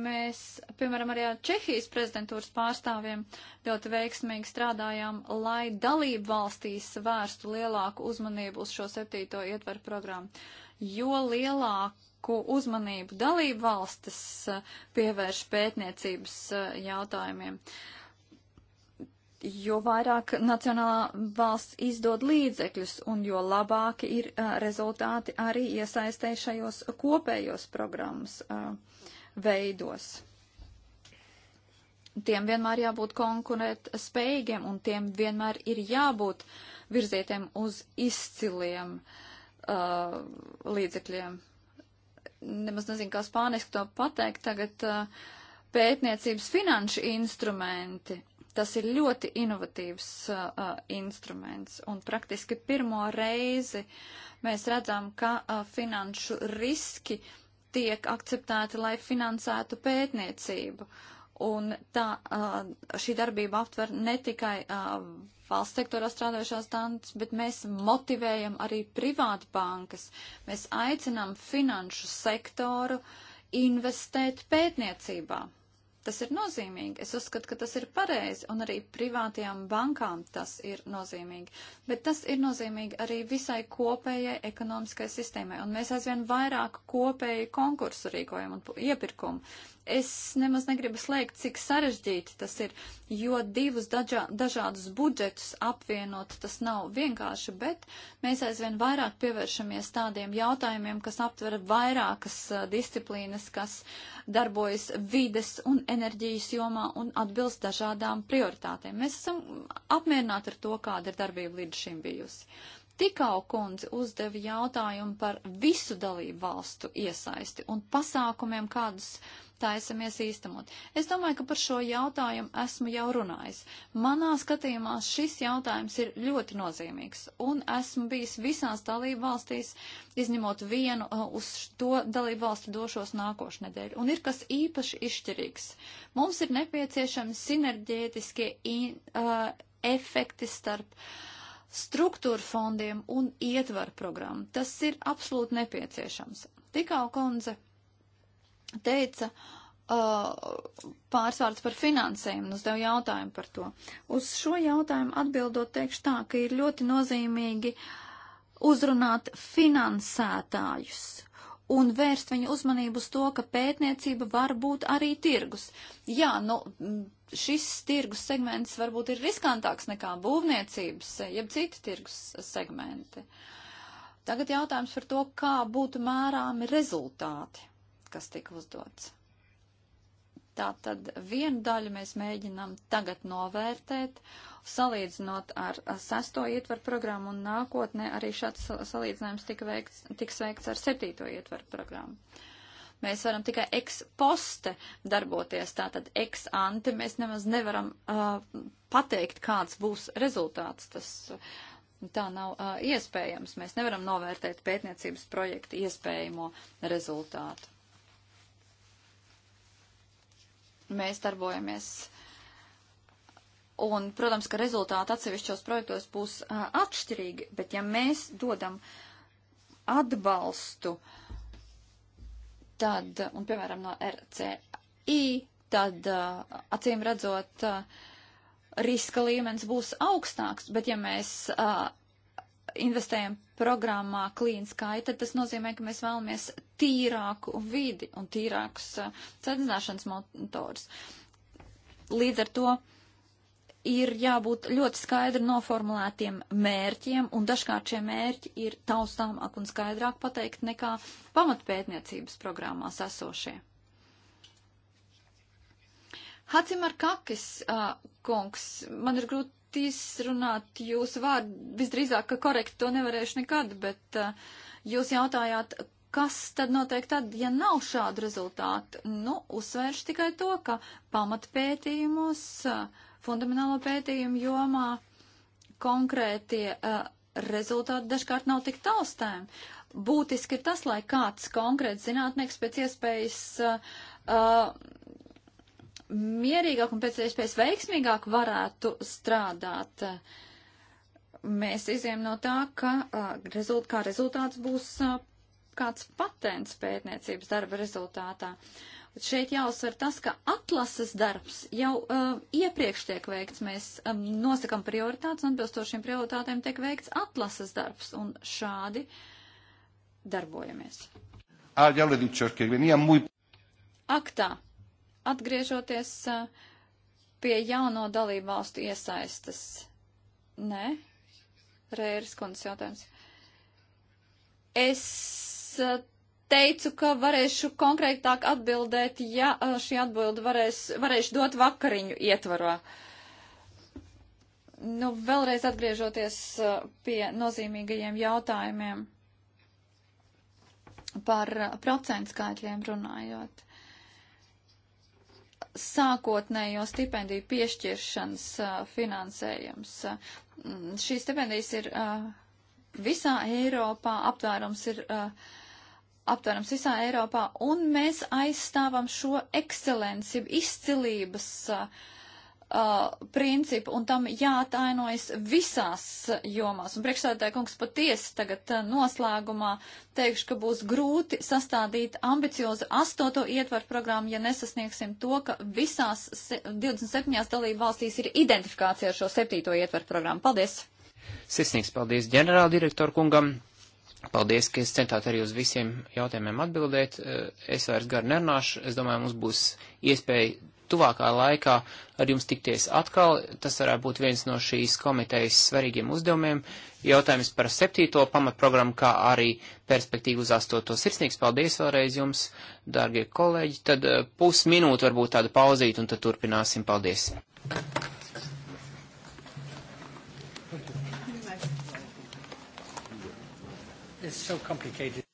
mēs, piemēram, arī ar Čehijas prezidentūras pārstāvjiem ļoti veiksmīgi strādājām, lai dalību valstīs vērstu lielāku uzmanību uz šo septīto ietveru programmu. Jo lielāku uzmanību dalību valstis eh, pievērš pētniecības eh, jautājumiem, jo vairāk nacionālā valsts izdod līdzekļus un jo labāki ir eh, rezultāti arī iesaistējušajos kopējos programmas. Uh, veidos. Tiem vienmēr jābūt konkurēt spējīgiem un tiem vienmēr ir jābūt virzietiem uz izciliem uh, līdzekļiem. Nemaz nezinu, kā spāniski to pateikt tagad. Uh, pētniecības finanšu instrumenti. Tas ir ļoti inovatīvs uh, instruments, un praktiski pirmo reizi mēs redzam, ka uh, finanšu riski uh, tiek akceptēti, lai finansētu pētniecību. Un tā, šī darbība aptver ne tikai valsts sektorā strādājušās tantes, bet mēs motivējam arī privātu bankas. Mēs aicinām finanšu sektoru investēt pētniecībā. Tas ir nozīmīgi. Es uzskatu, ka tas ir pareizi, un arī privātajām bankām tas ir nozīmīgi. Bet tas ir nozīmīgi arī visai kopējai ekonomiskai sistēmai, un mēs aizvien vairāk kopēju konkursu rīkojam un iepirkumu es nemaz negribu slēgt, cik sarežģīti tas ir, jo divus dažā, dažādus budžetus apvienot tas nav vienkārši, bet mēs aizvien vairāk pievēršamies tādiem jautājumiem, kas aptver vairākas disciplīnas, kas darbojas vides un enerģijas jomā un atbilst dažādām prioritātēm. Mēs esam apmierināti ar to, kāda ir darbība līdz šim bijusi. Tikau kundze uzdeva jautājumu par visu dalību valstu iesaisti un pasākumiem, kādus taisamies īstenot. Es domāju, ka par šo jautājumu esmu jau runājis. Manā skatījumā šis jautājums ir ļoti nozīmīgs, un esmu bijis visās dalību valstīs, izņemot vienu uh, uz to dalību valstu došos nākošu nedēļu. Un ir kas īpaši izšķirīgs. Mums ir nepieciešami sinerģētiskie in, uh, efekti starp uh, struktūra fondiem un ietvaru programmu. Tas ir absolūti nepieciešams. Tikau kundze teica uh, pārsvārds par finansējumu, un uzdev jautājumu par to. Uz šo jautājumu atbildot teikšu tā, ka ir ļoti nozīmīgi uzrunāt finansētājus un vērst viņu uzmanību uz to, ka pētniecība var būt arī tirgus. Jā, nu, šis tirgus segments varbūt ir riskantāks nekā būvniecības, jeb citi tirgus segmenti. Tagad jautājums par to, kā būtu mērāmi rezultāti, kas tika uzdots. Tātad vienu daļu mēs mēģinām tagad novērtēt, salīdzinot ar sesto ietvaru programmu un nākotnē arī šāds salīdzinājums tika veikts, tiks veikts ar septīto ietvaru programmu. Mēs varam tikai ex poste darboties, tātad ex ante mēs nemaz nevaram uh, pateikt, kāds būs rezultāts. Tas tā nav uh, iespējams. Mēs nevaram novērtēt pētniecības projektu iespējamo rezultātu. mēs darbojamies. Un, protams, ka rezultāti atsevišķos projektos būs uh, atšķirīgi, bet ja mēs dodam atbalstu, tad, un piemēram no RCI, tad uh, acīm redzot, uh, riska līmenis būs augstāks, bet ja mēs uh, investējam programmā Clean Sky, tad tas nozīmē, ka mēs vēlamies tīrāku vidi un tīrākus eh, cedzināšanas motors. Līdz ar to ir jābūt ļoti skaidri noformulētiem mērķiem, un dažkārt šie mērķi ir taustāmāk un skaidrāk pateikt nekā pamatpētniecības programmās esošie. Hacimar Kakis, uh, eh, kungs, man ir grūti grūti izrunāt jūsu vārdu, visdrīzāk, ka korekti to nevarēšu nekad, bet uh, jūs jautājāt, kas tad notiek tad, ja nav šādu rezultātu? Nu, uzsvērš tikai to, ka pamatpētījumos, uh, fundamentālo pētījumu jomā konkrētie uh, rezultāti dažkārt nav tik taustēm. Būtiski ir tas, lai kāds konkrēts zinātnieks pēc iespējas uh, mierīgāk un pēc iespējas veiksmīgāk varētu strādāt. Mēs iziem no tā, ka rezult, kā rezultāts būs kāds patents pētniecības darba rezultātā. Šeit jāuzsver tas, ka atlases darbs jau uh, iepriekš tiek veikts. Mēs um, nosakam prioritātes un atbilstošiem prioritātēm tiek veikts atlases darbs un šādi darbojamies. Ah, Aktā atgriežoties pie jauno dalību valstu iesaistas. Nē, Rēras kundas jautājums. Es teicu, ka varēšu konkrētāk atbildēt, ja šī atbilde varēs, varēšu dot vakariņu ietvarā. Nu, vēlreiz atgriežoties pie nozīmīgajiem jautājumiem par procentu skaitļiem runājot sākotnējo stipendiju piešķiršanas finansējums. Mm, šīs stipendijas ir visā Eiropā, aptvērums ir aptvērums visā Eiropā, un mēs aizstāvam šo ekscelenci, izcilības uh, uh, principu, un tam jātainojas visās jomās. Un priekšstādātāja kungs patiesi tagad uh, noslēgumā teikšu, ka būs grūti sastādīt ambiciozu astoto ietvaru programmu, ja nesasniegsim to, ka visās 27. dalību valstīs ir identifikācija ar šo septīto ietvaru programmu. Paldies! Sisnīgs paldies ģenerāldirektoru kungam! Paldies, ka es centāt arī uz visiem jautājumiem atbildēt. Uh, es vairs gar nerunāšu. Es domāju, mums būs iespēja tuvākā laikā ar jums tikties atkal. Tas varētu būt viens no šīs komitejas svarīgiem uzdevumiem. Jautājums par septīto pamatprogrammu, kā arī perspektīvu uz astoto. Sirsnīgs paldies vēlreiz jums, dārgie kolēģi. Tad eh, pusminūte varbūt tāda pauzīt un tad turpināsim. Paldies! It's so complicated.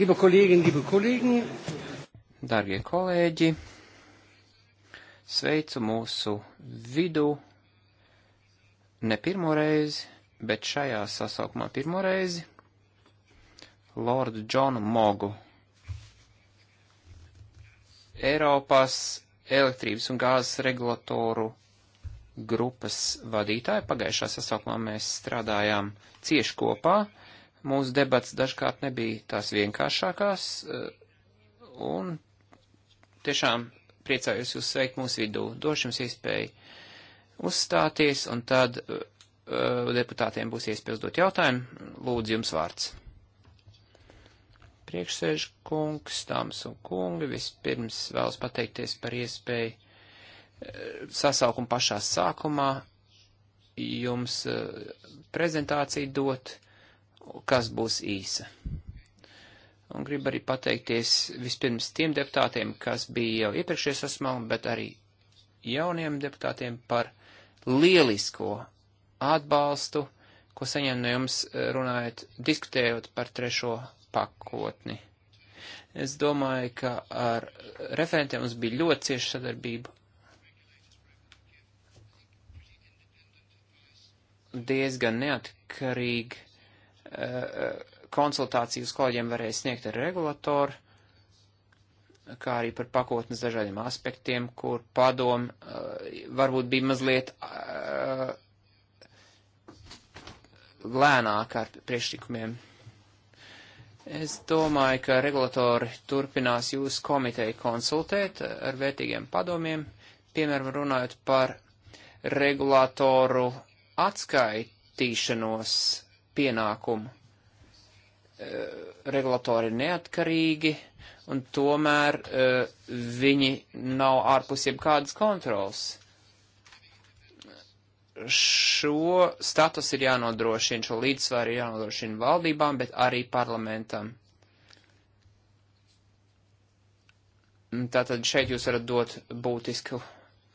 Liebe Kolleginnen, liebe Kollegen. Darbie kolēģi, sveicu mūsu vidu ne pirmo reizi, bet šajā sasaukumā pirmo reizi Lordu Džonu Mogu. Eiropas elektrības un gāzes regulatoru grupas vadītāja. Pagājušā sasaukumā mēs strādājām cieši kopā. Mūsu debats dažkārt nebija tās vienkāršākās, eh, un tiešām priecājos jūs sveikt mūsu vidū. Došu jums iespēju uzstāties, un tad uh, deputātiem būs iespēja uzdot jautājumu. Lūdzu, jums vārds. Priekšsēž kungs, tāms un kungi, vispirms vēlas pateikties par iespēju uh, sasaukumu pašā sākumā jums uh, prezentāciju dot. Uh, kas būs īsa. Un gribu arī pateikties vispirms tiem deputātiem, kas bija jau iepriekšējā sasmā, bet arī jauniem deputātiem par lielisko atbalstu, ko saņem no jums eh, runājot, diskutējot par trešo pakotni. Es domāju, ka ar referentiem mums bija ļoti cieša sadarbība. Diezgan neatkarīgi konsultācijas kolēģiem varēja sniegt ar regulatoru, kā arī par pakotnes dažādiem aspektiem, kur padom eh, varbūt bija mazliet eh, lēnāk ar priekšlikumiem. Es domāju, ka regulatori turpinās jūs komiteju konsultēt ar vērtīgiem padomiem, piemēram, runājot par regulātoru atskaitīšanos pienākumu. Eh, regulatori ir neatkarīgi, un tomēr eh, viņi nav ārpus jebkādas kontrols. Šo status ir jānodrošina, šo līdzsvaru ir jānodrošina valdībām, bet arī parlamentam. Tātad šeit jūs varat dot būtisku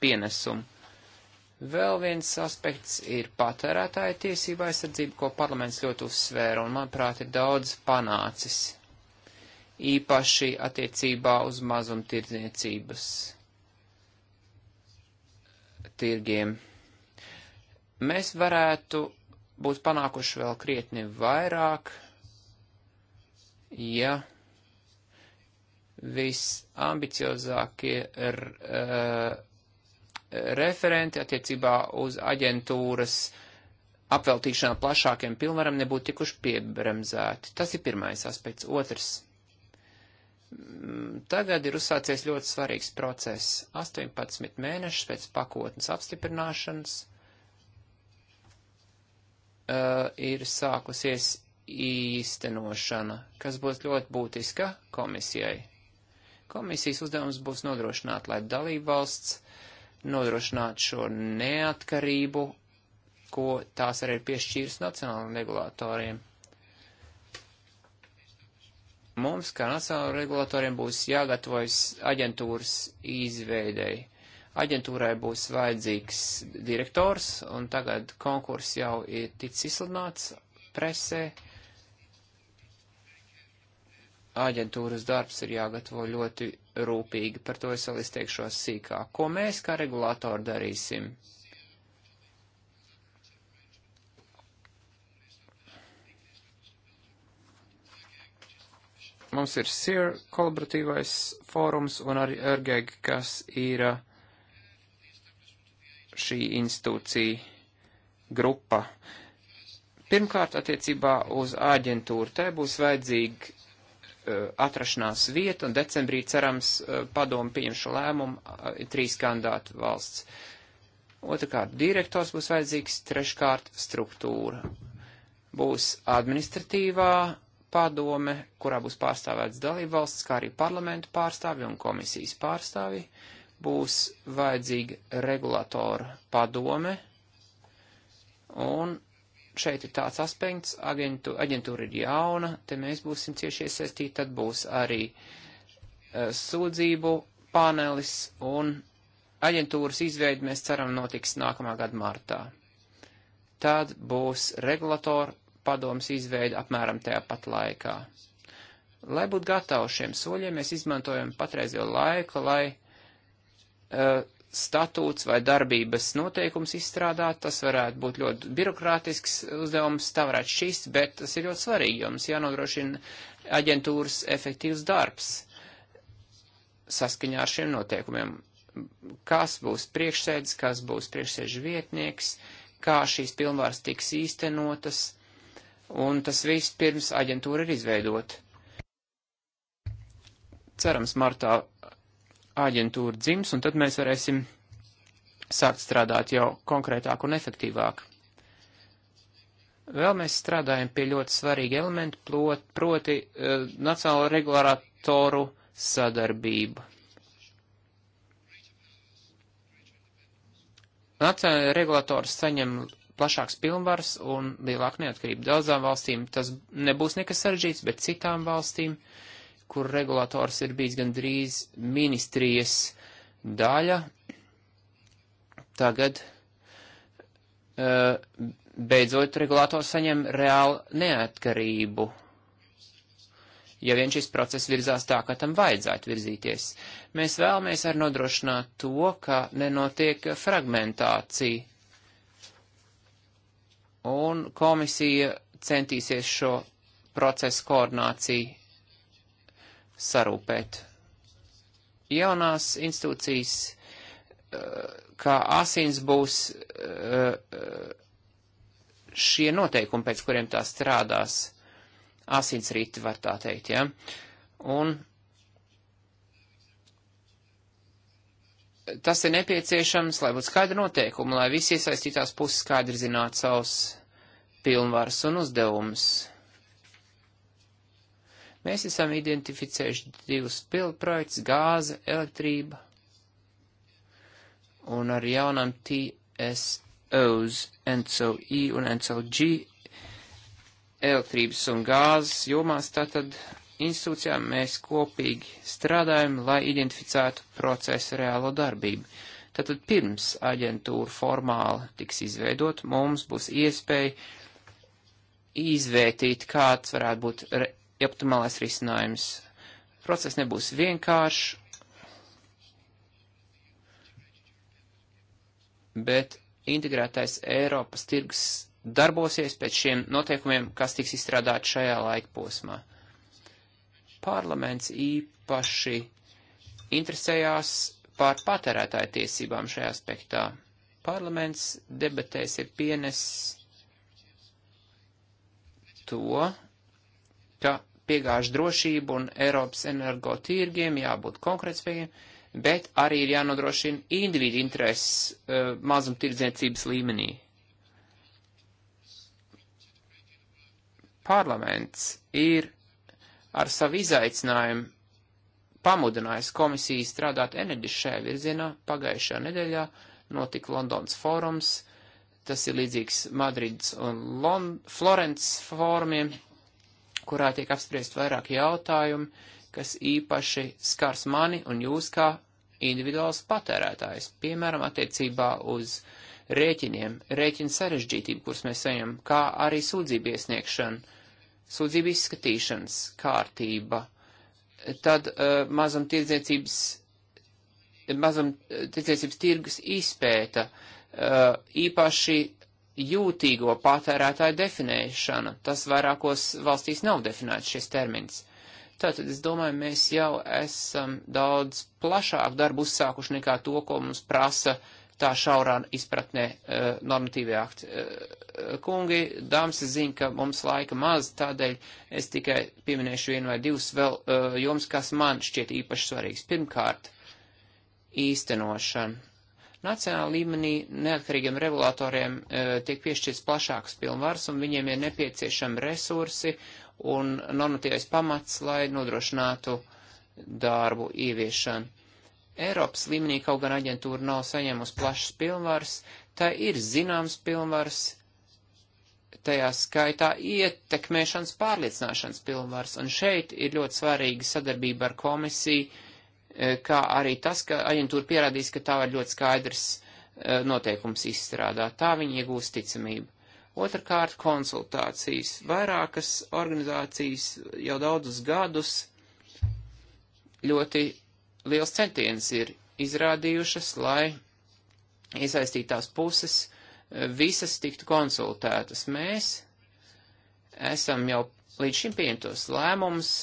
pienesumu. Vēl viens aspekts ir patērētāja tiesība aizsardzība, ko parlaments ļoti uzsvēra un, manuprāt, ir daudz panācis. Īpaši attiecībā uz mazumtirdzniecības tirgiem. Mēs varētu būt panākuši vēl krietni vairāk, ja visambiciozākie ir. Uh, eh, referenti attiecībā uz aģentūras apveltīšanā plašākiem pilnvaram nebūtu tikuši piebremzēti. Tas ir pirmais aspekts. Otrs. Mm, tagad ir uzsācies ļoti svarīgs process. 18 mēnešus pēc pakotnes apstiprināšanas uh, ir sākusies īstenošana, kas būs ļoti būtiska komisijai. Komisijas uzdevums būs nodrošināt, lai dalībvalsts nodrošināt šo neatkarību, ko tās arī ir piešķīras nacionālajiem regulātoriem. Mums, kā nacionālajiem regulātoriem, būs jāgatavojas aģentūras izveidei. Aģentūrai būs vajadzīgs direktors, un tagad konkurss jau ir ticis izsludināts presē. Aģentūras darbs ir jāgatavo ļoti rūpīgi, par to es vēl izteikšos sīkāk. Ko mēs kā regulātori darīsim? Mums ir SIR kolaboratīvais fórums un arī ERGEG, kas ir uh, šī institūcija grupa. Pirmkārt, attiecībā uz aģentūru, tai būs vajadzīgi Eh, atrašanās vietu, un decembrī, cerams, eh, padomu pieņem šo lēmumu eh, trīs kandidātu valsts. Otrakārt, direktors būs vajadzīgs, treškārt, struktūra. Būs administratīvā padome, kurā būs pārstāvēts dalību valsts, kā arī parlamentu pārstāvi un komisijas pārstāvi. Būs vajadzīga regulātora padome, un šeit ir tāds aspekts, aģentu, aģentūra ir jauna, te mēs būsim cieši iesaistīti, tad būs arī uh, sūdzību panelis un aģentūras izveidi mēs ceram notiks nākamā gada martā. Tad būs regulatoru padoms izveida apmēram tajā pat laikā. Lai būtu gatavi šiem soļiem, mēs izmantojam patreizējo laiku, lai uh, statūts vai darbības noteikums izstrādāt, tas varētu būt ļoti birokrātisks uzdevums, tā varētu šķist, bet tas ir ļoti svarīgi, jo mums jānodrošina aģentūras efektīvs darbs saskaņā ar šiem noteikumiem. Kas būs priekšsēdis, kas būs priekšsēžu vietnieks, kā šīs pilnvaras tiks īstenotas, un tas viss pirms aģentūra ir izveidota. Cerams, martā aģentūra dzims, un tad mēs varēsim sākt strādāt jau konkrētāk un efektīvāk. Vēl mēs strādājam pie ļoti svarīga elementa, plot, proti uh, nacionālo regulātoru sadarbību. Nacionālajie regulātori saņem plašāks pilnvars un lielāka neatkarība. Daudzām valstīm tas nebūs nekas sarežģīts, bet citām valstīm uh, kur regulators ir bijis gandrīz ministrijas daļa, tagad eh, beidzot regulators saņem reālu neatkarību, ja vien šis process virzās tā, ka tam vajadzētu virzīties. Mēs vēlamies ar nodrošināt to, ka nenotiek fragmentācija, un komisija centīsies šo procesu koordināciju sarūpēt. Jaunās institūcijas, eh, kā asins būs eh, eh, šie noteikumi, pēc kuriem tā strādās, asins rīti var tā teikt, ja? Un tas ir nepieciešams, lai būtu skaidri noteikumi, lai visi iesaistītās puses skaidri zinātu savus pilnvarus un uzdevumus. Mēs esam identificējuši divus pilotprojektus - gāze, elektrība un ar jaunām TSOs, NCOI e un NCOG elektrības un gāzes jomās. Tātad institūcijām mēs kopīgi strādājam, lai identificētu procesu reālo darbību. Tātad pirms aģentūra formāli tiks izveidot, mums būs iespēja izvērtīt, kāds varētu būt optimālais risinājums. Process nebūs vienkāršs, bet integrētais Eiropas tirgus darbosies pēc šiem noteikumiem, kas tiks izstrādāti šajā laika posmā. Parlaments īpaši interesējās par patērētāju tiesībām šajā aspektā. Parlaments debatēs ir pienes to, ka piegāžu drošību un Eiropas energo tirgiem jābūt konkrētspējiem, bet arī ir jānodrošina individu intereses uh, mazumtirdzniecības līmenī. Parlaments ir ar savu izaicinājumu pamudinājis komisiju strādāt enerģiski šajā virzienā. Pagājušajā nedēļā notika Londons fórums, tas ir līdzīgs Madrids un Lond Florence fórumiem, kurā tiek apspriest vairāk jautājumu, kas īpaši skars mani un jūs kā individuāls patērētājs, piemēram, attiecībā uz rēķiniem, rēķina sarežģītību, kuras mēs saņemam, kā arī sūdzību iesniegšanu, sūdzību izskatīšanas kārtība, tad uh, mazumtirdzniecības mazumtirdzniecības uh, tirgus izpēta, uh, īpaši jūtīgo patērētāju definēšana. Tas vairākos valstīs nav definēts šis termins. Tātad es domāju, mēs jau esam daudz plašāku darbu uzsākuši nekā to, ko mums prasa tā šaurā izpratnē e, eh, normatīvi akti. E, kungi, dāmas, es zinu, ka mums laika maz, tādēļ es tikai pieminēšu vienu vai divus vēl e, jums, kas man šķiet īpaši svarīgs. Pirmkārt, īstenošana Nacionāla līmenī neatkarīgiem regulatoriem e, tiek piešķirts plašāks pilnvars, un viņiem ir nepieciešami resursi un normatīvais pamats, lai nodrošinātu darbu ieviešanu. Eiropas līmenī kaut gan aģentūra nav saņēmusi plašas pilnvaras, tā ir zināms pilnvaras, tajā skaitā ietekmēšanas pārliecināšanas pilnvaras, un šeit ir ļoti svarīga sadarbība ar komisiju, Eh, kā arī tas, ka aģentūra pierādīs, ka tā var ļoti skaidrs eh, noteikums izstrādāt. Tā viņi iegūst ticamību. Otrakārt, konsultācijas. Vairākas organizācijas jau daudzus gadus ļoti liels centiens ir izrādījušas, lai iesaistītās puses eh, visas tiktu konsultētas. Mēs esam jau līdz šim pieņemtos lēmumus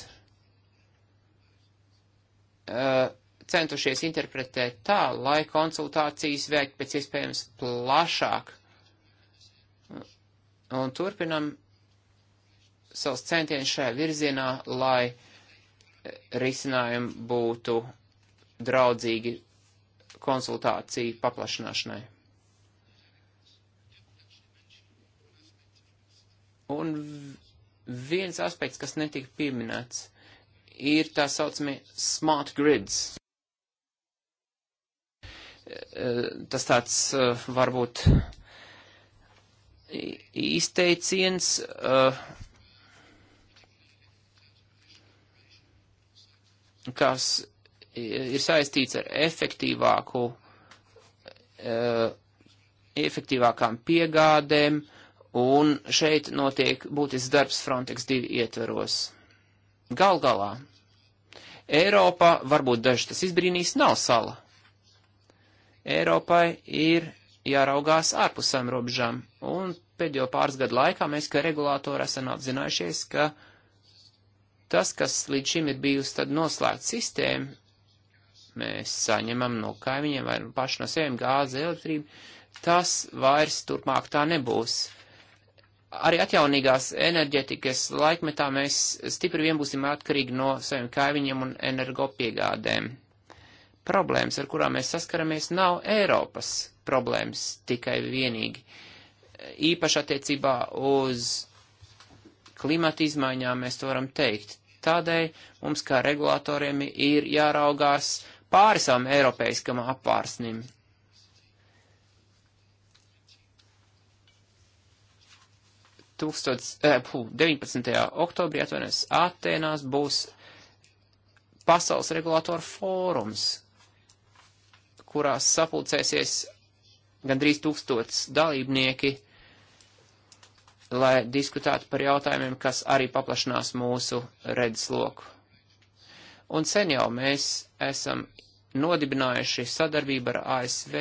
Uh, centušies interpretēt tā, lai konsultācijas veikt pēc iespējams plašāk. Un turpinam savus centienus šajā virzienā, lai risinājumi būtu draudzīgi konsultāciju paplašināšanai. Un viens aspekts, kas netika pieminēts, ir tā saucamie smart grids. E, tas tāds e, varbūt izteiciens. E, kas ir saistīts ar efektīvāku, efektīvākām piegādēm, un šeit notiek būtisks darbs Frontex 2 ietveros. Gal galā, Eiropa, varbūt daži tas izbrīnīs, nav sala. Eiropai ir jāraugās ārpus savām robežām, un pēdējo pāris gadu laikā mēs, kā regulātori, esam apzinājušies, ka tas, kas līdz šim ir bijusi tad noslēgta sistēma, mēs saņemam no kaimiņiem vai paši no saviem gāzi, elektrību, tas vairs turpmāk tā nebūs. Uh, arī atjaunīgās enerģetikas laikmetā mēs stipri vien būsim atkarīgi no saviem kaiviņiem un energopiegādēm. Problēmas, ar kurām mēs saskaramies, nav Eiropas problēmas tikai vienīgi. Īpaši attiecībā uz klimata izmaiņām mēs to varam teikt. Tādēļ mums kā regulātoriem ir jāraugās pāri savam eiropeiskam apvārsnim. tūkstots, eh, pū, 19. oktobrī atvainojas Atenās būs pasaules regulātoru fórums, kurās sapulcēsies gandrīz tūkstots dalībnieki, lai diskutētu par jautājumiem, kas arī paplašinās mūsu redzesloku. Un sen jau mēs esam nodibinājuši sadarbību ar ASV,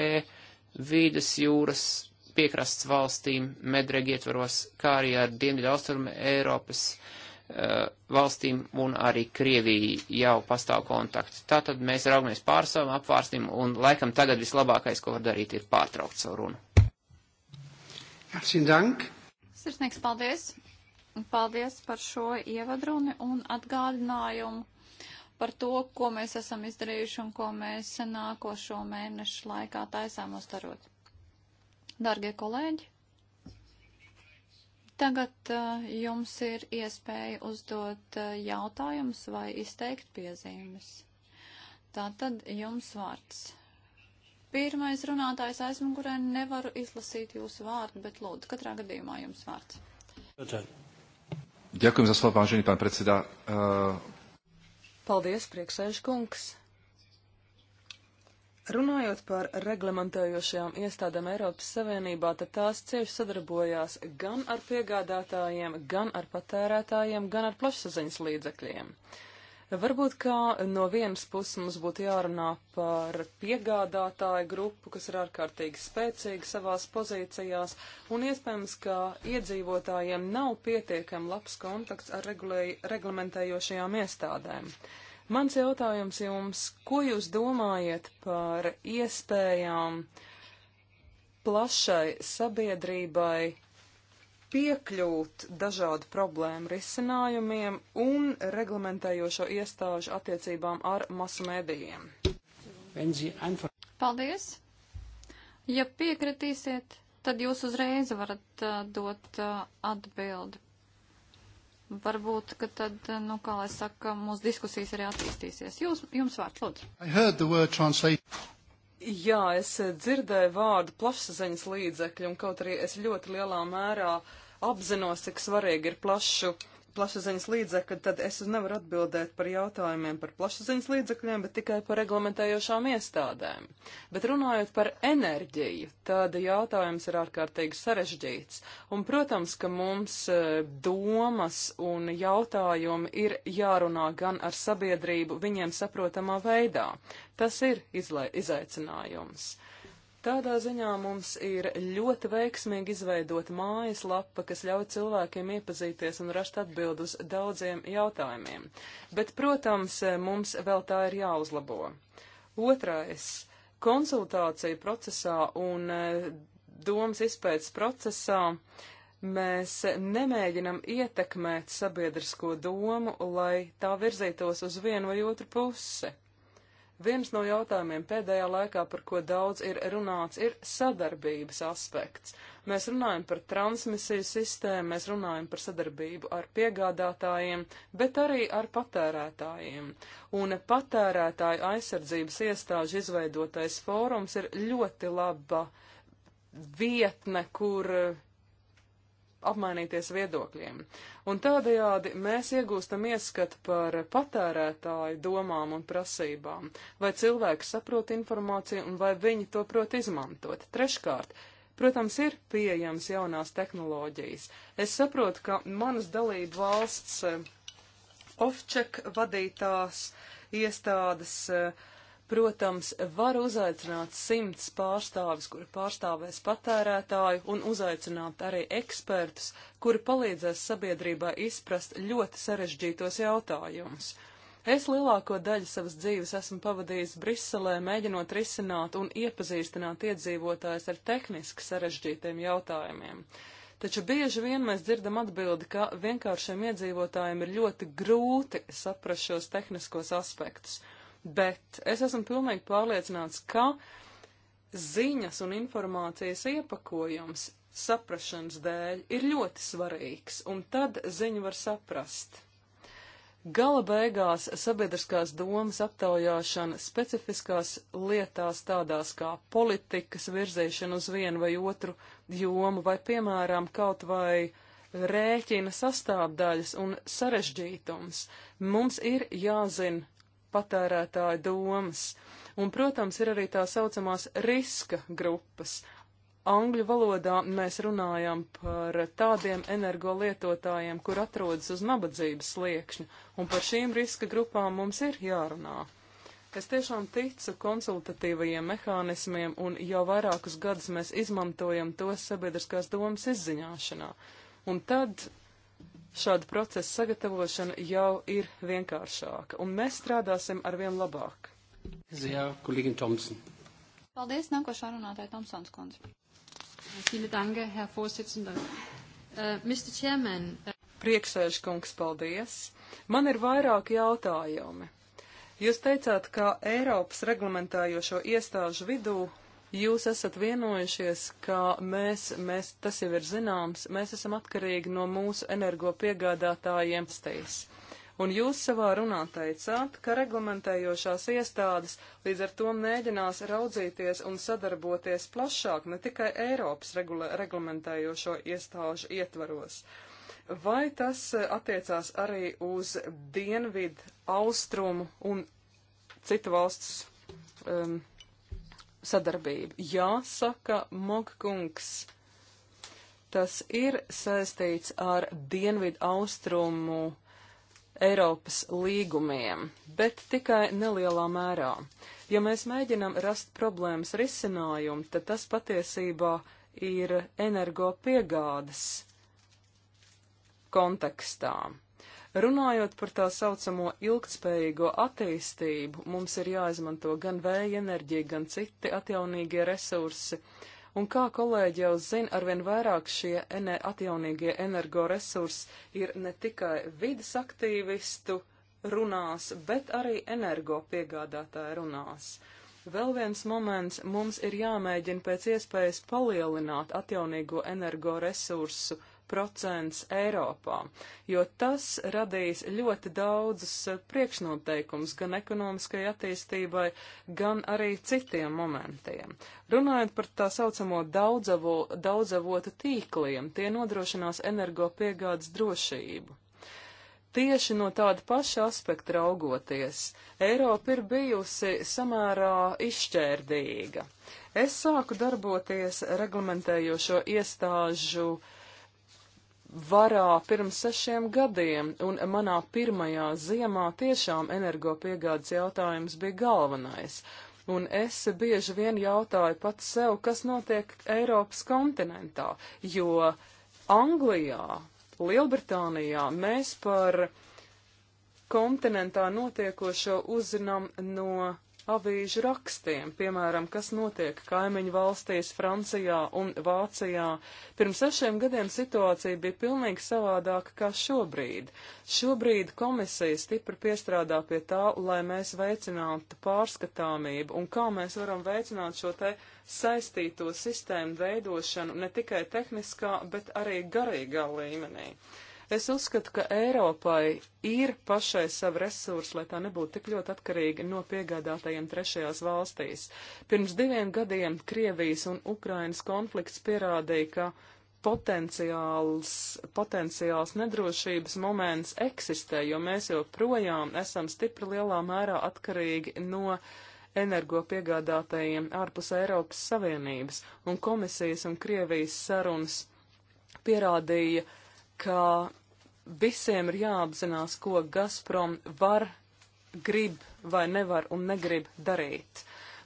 vīdas jūras piekrasts valstīm medreg ietvaros, kā arī ar Dienvidu Austrumu Eiropas uh, valstīm un arī Krieviju jau pastāv kontakti. Tātad mēs raugamies pār savam apvārstim un laikam tagad vislabākais, ko var darīt, ir pārtraukt savu runu. Herzlichen Dank. Sirsnīgs paldies. Paldies par šo ievadruni un atgādinājumu par to, ko mēs esam izdarījuši un ko mēs nākošo mēnešu laikā taisām uztarot. Dargie kolēģi, tagad uh, jums ir iespēja uzdot uh, jautājumus vai izteikt piezīmes. Tātad jums vārds. Pirmais runātājs esmu, kurai nevaru izlasīt jūsu vārdu, bet lūdzu, katrā gadījumā jums vārds. Ďakujem za slovo, vážený pán predseda. Uh... Paldies, prieksēžkungs. Runājot par reglamentējošajām iestādēm Eiropas Savienībā, tad tās cieši sadarbojās gan ar piegādātājiem, gan ar patērētājiem, gan ar plašsaziņas līdzekļiem. Varbūt kā no vienas puses mums būtu jārunā par piegādātāju grupu, kas ir ārkārtīgi spēcīga savās pozīcijās, un iespējams, ka iedzīvotājiem nav pietiekami labs kontakts ar regulē, reglamentējošajām iestādēm. Uh, Mans jautājums jums, ko jūs domājat par iespējām plašai sabiedrībai piekļūt dažādu problēmu risinājumiem un reglamentējošo iestāžu attiecībām ar masu mēdījiem? Paldies! Ja piekritīsiet, tad jūs uzreiz varat uh, dot uh, atbildi Varbūt, ka tad, nu, kā lai saka, mūsu diskusijas arī attīstīsies. Jūs, jums vārds, lūdzu. Jā, es eh, dzirdēju vārdu plašsaziņas līdzekļi, un kaut arī es ļoti lielā mērā apzinos, cik svarīgi ir plašu plašsaziņas līdzekļi, tad es nevaru atbildēt par jautājumiem par plašsaziņas līdzekļiem, bet tikai par reglamentējošām iestādēm. Bet runājot par enerģiju, tad jautājums ir ārkārtīgi sarežģīts. Un, protams, ka mums e, domas un jautājumi ir jārunā gan ar sabiedrību viņiem saprotamā veidā. Tas ir izaicinājums. Tādā ziņā mums ir ļoti veiksmīgi izveidota mājaslapa, kas ļauj cilvēkiem iepazīties un rast atbild uz daudziem jautājumiem. Bet, protams, mums vēl tā ir jāuzlabo. Otrais - konsultācija procesā un eh, domas izpētes procesā. Mēs nemēģinam ietekmēt sabiedrisko domu, lai tā virzītos uz vienu vai otru pusi. Viens no jautājumiem pēdējā laikā, par ko daudz ir runāts, ir sadarbības aspekts. Mēs runājam par transmisiju sistēmu, mēs runājam par sadarbību ar piegādātājiem, bet arī ar patērētājiem. Un patērētāju aizsardzības iestāžu izveidotais fórums ir ļoti laba vietne, kur apmainīties viedokļiem. Un tādējādi mēs iegūstam ieskatu par patērētāju domām un prasībām, vai cilvēki saprot informāciju un vai viņi to prot izmantot. Treškārt, protams, ir pieejams jaunās tehnoloģijas. Es saprotu, ka manas dalību valsts eh, ofček vadītās iestādes uh, Protams, var uzaicināt simts pārstāvis, kuri pārstāvēs patērētāju, un uzaicināt arī ekspertus, kuri palīdzēs sabiedrībā izprast ļoti sarežģītos jautājumus. Es lielāko daļu savas dzīves esmu pavadījis Briselē, mēģinot risināt un iepazīstināt iedzīvotājus ar tehniski sarežģītiem jautājumiem. Taču bieži vien mēs dzirdam atbildi, ka vienkāršiem iedzīvotājiem ir ļoti grūti saprast šos tehniskos aspektus bet es esmu pilnīgi pārliecināts, ka ziņas un informācijas iepakojums saprašanas dēļ ir ļoti svarīgs, un tad ziņu var saprast. Gala beigās sabiedriskās domas aptaujāšana specifiskās lietās tādās kā politikas virzīšana uz vienu vai otru jomu vai, piemēram, kaut vai rēķina sastāvdaļas un sarežģītums. Mums ir jāzina patērētāju domas. Un, protams, ir arī tā saucamās riska grupas. Angļu valodā mēs runājam par tādiem energolietotājiem, kur atrodas uz nabadzības sliekšņa, un par šīm riska grupām mums ir jārunā. Es tiešām ticu konsultatīvajiem mehānismiem, un jau vairākus gadus mēs izmantojam tos sabiedriskās domas izziņāšanā. Un tad šāda procesa sagatavošana jau ir vienkāršāka, un mēs strādāsim ar vien labāk. Jā, kolēģi Tomson. Paldies, nākošā runātāja Tomsons kundze. Äh, äh, Priekšsēžkungs, paldies. Man ir vairāki jautājumi. Jūs teicāt, ka Eiropas reglamentējošo iestāžu vidū Jūs esat vienojušies, ka mēs, mēs, tas jau ir zināms, mēs esam atkarīgi no mūsu energopiegādātājiem stīs. Un jūs savā runā teicāt, ka reglamentējošās iestādes līdz ar to mēģinās raudzīties un sadarboties plašāk, ne tikai Eiropas regula, reglamentējošo iestāžu ietvaros. Vai tas attiecās arī uz dienvidu, austrumu un citu valsts um, sadarbību. Jāsaka, Mokkungs, tas ir saistīts ar Dienvidu austrumu Eiropas līgumiem, bet tikai nelielā mērā. Ja mēs mēģinam rast problēmas risinājumu, tad tas patiesībā ir energo piegādes kontekstā. Runājot par tā saucamo ilgtspējīgo attīstību, mums ir jāizmanto gan vēja enerģija, gan citi atjaunīgie resursi. Un kā kolēģi jau zina, arvien vairāk šie ener atjaunīgie energoresursi ir ne tikai vidas aktīvistu runās, bet arī energo piegādātāja runās. Vēl viens moments mums ir jāmēģina pēc iespējas palielināt atjaunīgo energoresursu procents Eiropā, jo tas radīs ļoti daudzus eh, priekšnoteikumus gan ekonomiskai attīstībai, gan arī citiem momentiem. Runājot par tā saucamo daudzavo, daudzavotu tīkliem, tie nodrošinās energo piegādes drošību. Tieši no tāda paša aspekta raugoties, Eiropa ir bijusi samērā izšķērdīga. Es sāku darboties reglamentējošo iestāžu uh, varā pirms sešiem gadiem, un manā pirmajā ziemā tiešām energopiegādes jautājums bija galvenais. Un es bieži vien jautāju pats sev, kas notiek Eiropas kontinentā, jo Anglijā, Lielbritānijā mēs par kontinentā notiekošo uzzinām no avīžu rakstiem, piemēram, kas notiek kaimiņu valstīs, Francijā un Vācijā. Pirms sešiem gadiem situācija bija pilnīgi savādāka kā šobrīd. Šobrīd komisija stipri piestrādā pie tā, lai mēs veicinātu pārskatāmību un kā mēs varam veicināt šo te saistīto sistēmu veidošanu ne tikai tehniskā, bet arī garīgā līmenī. Es uzskatu, ka Eiropai ir pašai savi resursi, lai tā nebūtu tik ļoti atkarīga no piegādātajiem trešajās valstīs. Pirms diviem gadiem Krievijas un Ukrainas konflikts pierādīja, ka potenciāls, potenciāls nedrošības moments eksistē, jo mēs joprojām esam stipri lielā mērā atkarīgi no energopiegādātājiem ārpus Eiropas Savienības, un komisijas un Krievijas sarunas pierādīja, ka visiem ir jāapzinās, ko Gazprom var, grib vai nevar un negrib darīt.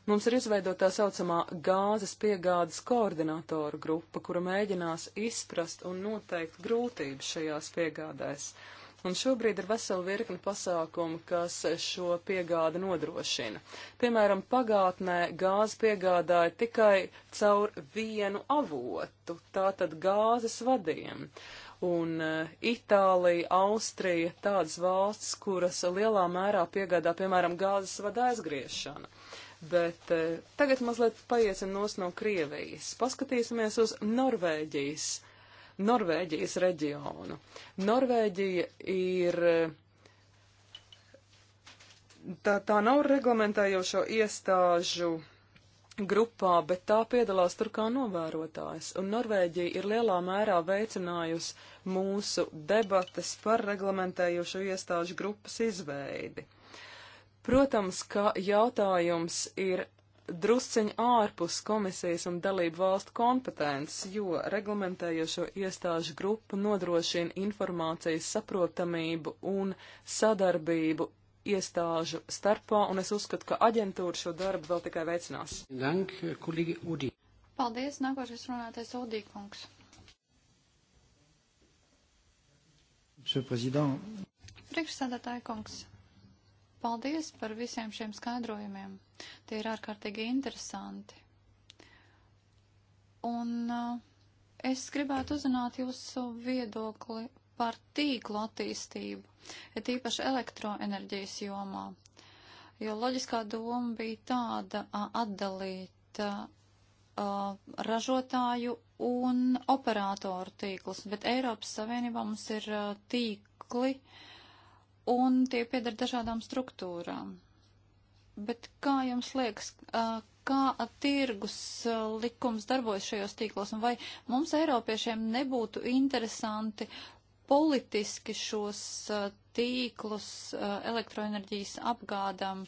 Mums ir izveidota tā saucamā gāzes piegādes koordinātoru grupa, kura mēģinās izprast un noteikt grūtības šajās piegādēs. Un šobrīd ir vesela virkni pasākumu, kas šo piegādi nodrošina. Piemēram, pagātnē gāzi piegādāja tikai caur vienu avotu, tātad gāzes vadiem. Uh, un eh, Itālija, Austrija, tādas valsts, kuras lielā mērā piegādā, piemēram, gāzes vada aizgriešana. Bet eh, tagad mazliet paiesim nos no Krievijas. Paskatīsimies uz Norvēģijas, Norvēģijas reģionu. Norvēģija ir. Eh, tā, tā nav reglamentējošo iestāžu grupā, bet tā piedalās tur kā novērotājs, un Norvēģija ir lielā mērā veicinājusi mūsu debates par reglamentējošo iestāžu grupas izveidi. Protams, ka jautājums ir drusciņ ārpus komisijas un dalību valstu kompetences, jo reglamentējošo iestāžu grupa nodrošina informācijas saprotamību un sadarbību iestāžu starpā, un es uzskatu, ka aģentūra šo darbu vēl tikai veicinās. Dank, kolīgi Udī. Paldies, nākošais runātais Udī kungs. Priekšsēdētāja kungs, paldies par visiem šiem skaidrojumiem. Tie ir ārkārtīgi interesanti. Un uh, es gribētu uzzināt jūsu viedokli par tīklu attīstību, ir tīpaši elektroenerģijas jomā. Jo loģiskā doma bija tāda atdalīt uh, ražotāju un operātoru tīklus, bet Eiropas Savienībā mums ir uh, tīkli un tie piedara dažādām struktūrām. Bet kā jums liekas, uh, kā tirgus likums darbojas šajos tīklos, un vai mums, Eiropiešiem, nebūtu interesanti politiski šos uh, tīklus uh, elektroenerģijas apgādam.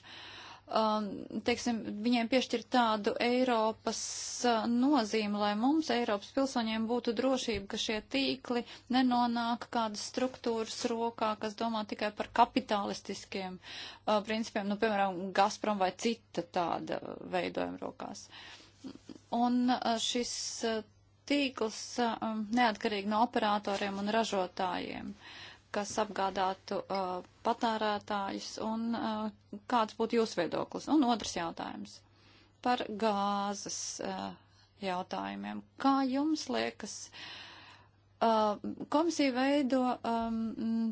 Um, teiksim, viņiem piešķir tādu Eiropas uh, nozīmi, lai mums, Eiropas pilsoņiem, būtu drošība, ka šie tīkli nenonāk kādas struktūras rokā, kas domā tikai par kapitalistiskiem principiem, nu, piemēram, Gazprom vai cita tāda veidojuma rokās. Un šis tīkls um, neatkarīgi no operatoriem un ražotājiem, kas apgādātu uh, patērētājus un uh, kāds būtu jūsu viedoklis. Un otrs jautājums par gāzes uh, jautājumiem. Kā jums liekas? Uh, komisija veido um,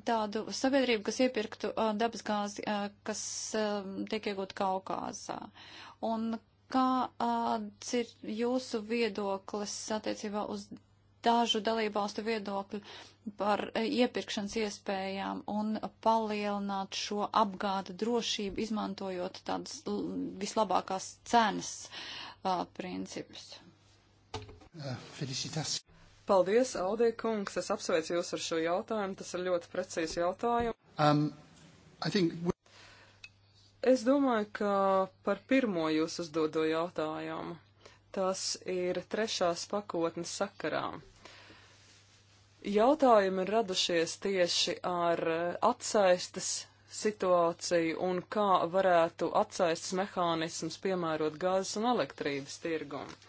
tādu sabiedrību, kas iepirktu uh, dabasgāzi, uh, kas uh, tiek iegūta Kaukāzā. Un Kāds ir jūsu viedoklis attiecībā uz dažu dalībvalstu viedokļu par iepirkšanas iespējām un palielināt šo apgāda drošību, izmantojot tādas vislabākās cenas uh, principus? Felicitācijas. Paldies, Audē kungs, es apsveicu jūs ar šo jautājumu, tas ir ļoti precīzs jautājums. Um, think... Es domāju, ka par pirmo jūs uzdodo jautājumu. Tas ir trešās pakotnes sakarā. Jautājumi ir radušies tieši ar atsaistes situāciju un kā varētu atsaistes mehānisms piemērot gāzes un elektrības tirgumu.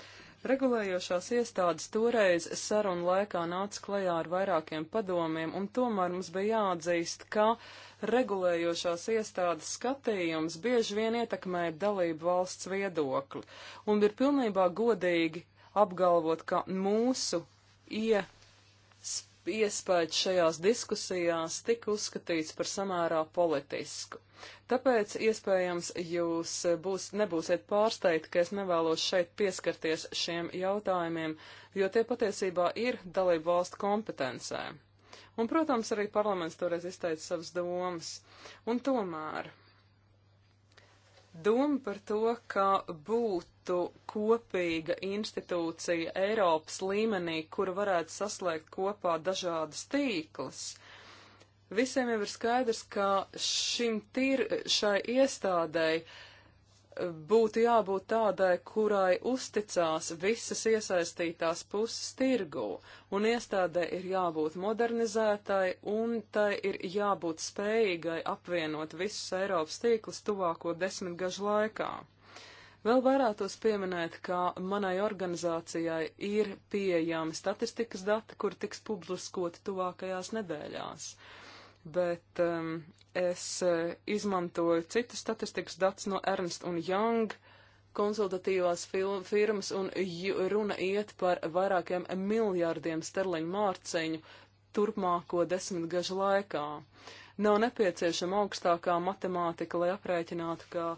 Regulējošās iestādes toreiz sarunu laikā nāca klajā ar vairākiem padomiem, un tomēr mums bija jāatzīst, ka regulējošās iestādes skatījums bieži vien ietekmē dalību valsts viedokli, un ir pilnībā godīgi apgalvot, ka mūsu iespējas iespējas šajās diskusijās tika uzskatīts par samērā politisku. Tāpēc, iespējams, jūs būs, nebūsiet pārsteigti, ka es nevēlos šeit pieskarties šiem jautājumiem, jo tie patiesībā ir dalību valstu kompetencē. Un, protams, arī parlaments toreiz izteica savas domas. Un tomēr Doma par to, ka būtu kopīga institūcija Eiropas līmenī, kura varētu saslēgt kopā dažādas tīklas. Visiem jau ir skaidrs, ka šim tir, šai iestādēji būtu jābūt tādai, kurai uzticās visas iesaistītās puses tirgū, un iestādē ir jābūt modernizētai, un tai ir jābūt spējīgai apvienot visus Eiropas tīklus tuvāko desmitgažu laikā. Vēl vērētos pieminēt, ka manai organizācijai ir pieejami statistikas dati, kur tiks publiskoti tuvākajās nedēļās. Uh, bet um, es eh, izmantoju citus statistikas datus no Ernst un Young konsultatīvās firmas, un runa iet par vairākiem miljārdiem sterliņu mārciņu turpmāko desmitgažu laikā. Nav nepieciešama augstākā matemātika, lai aprēķinātu, ka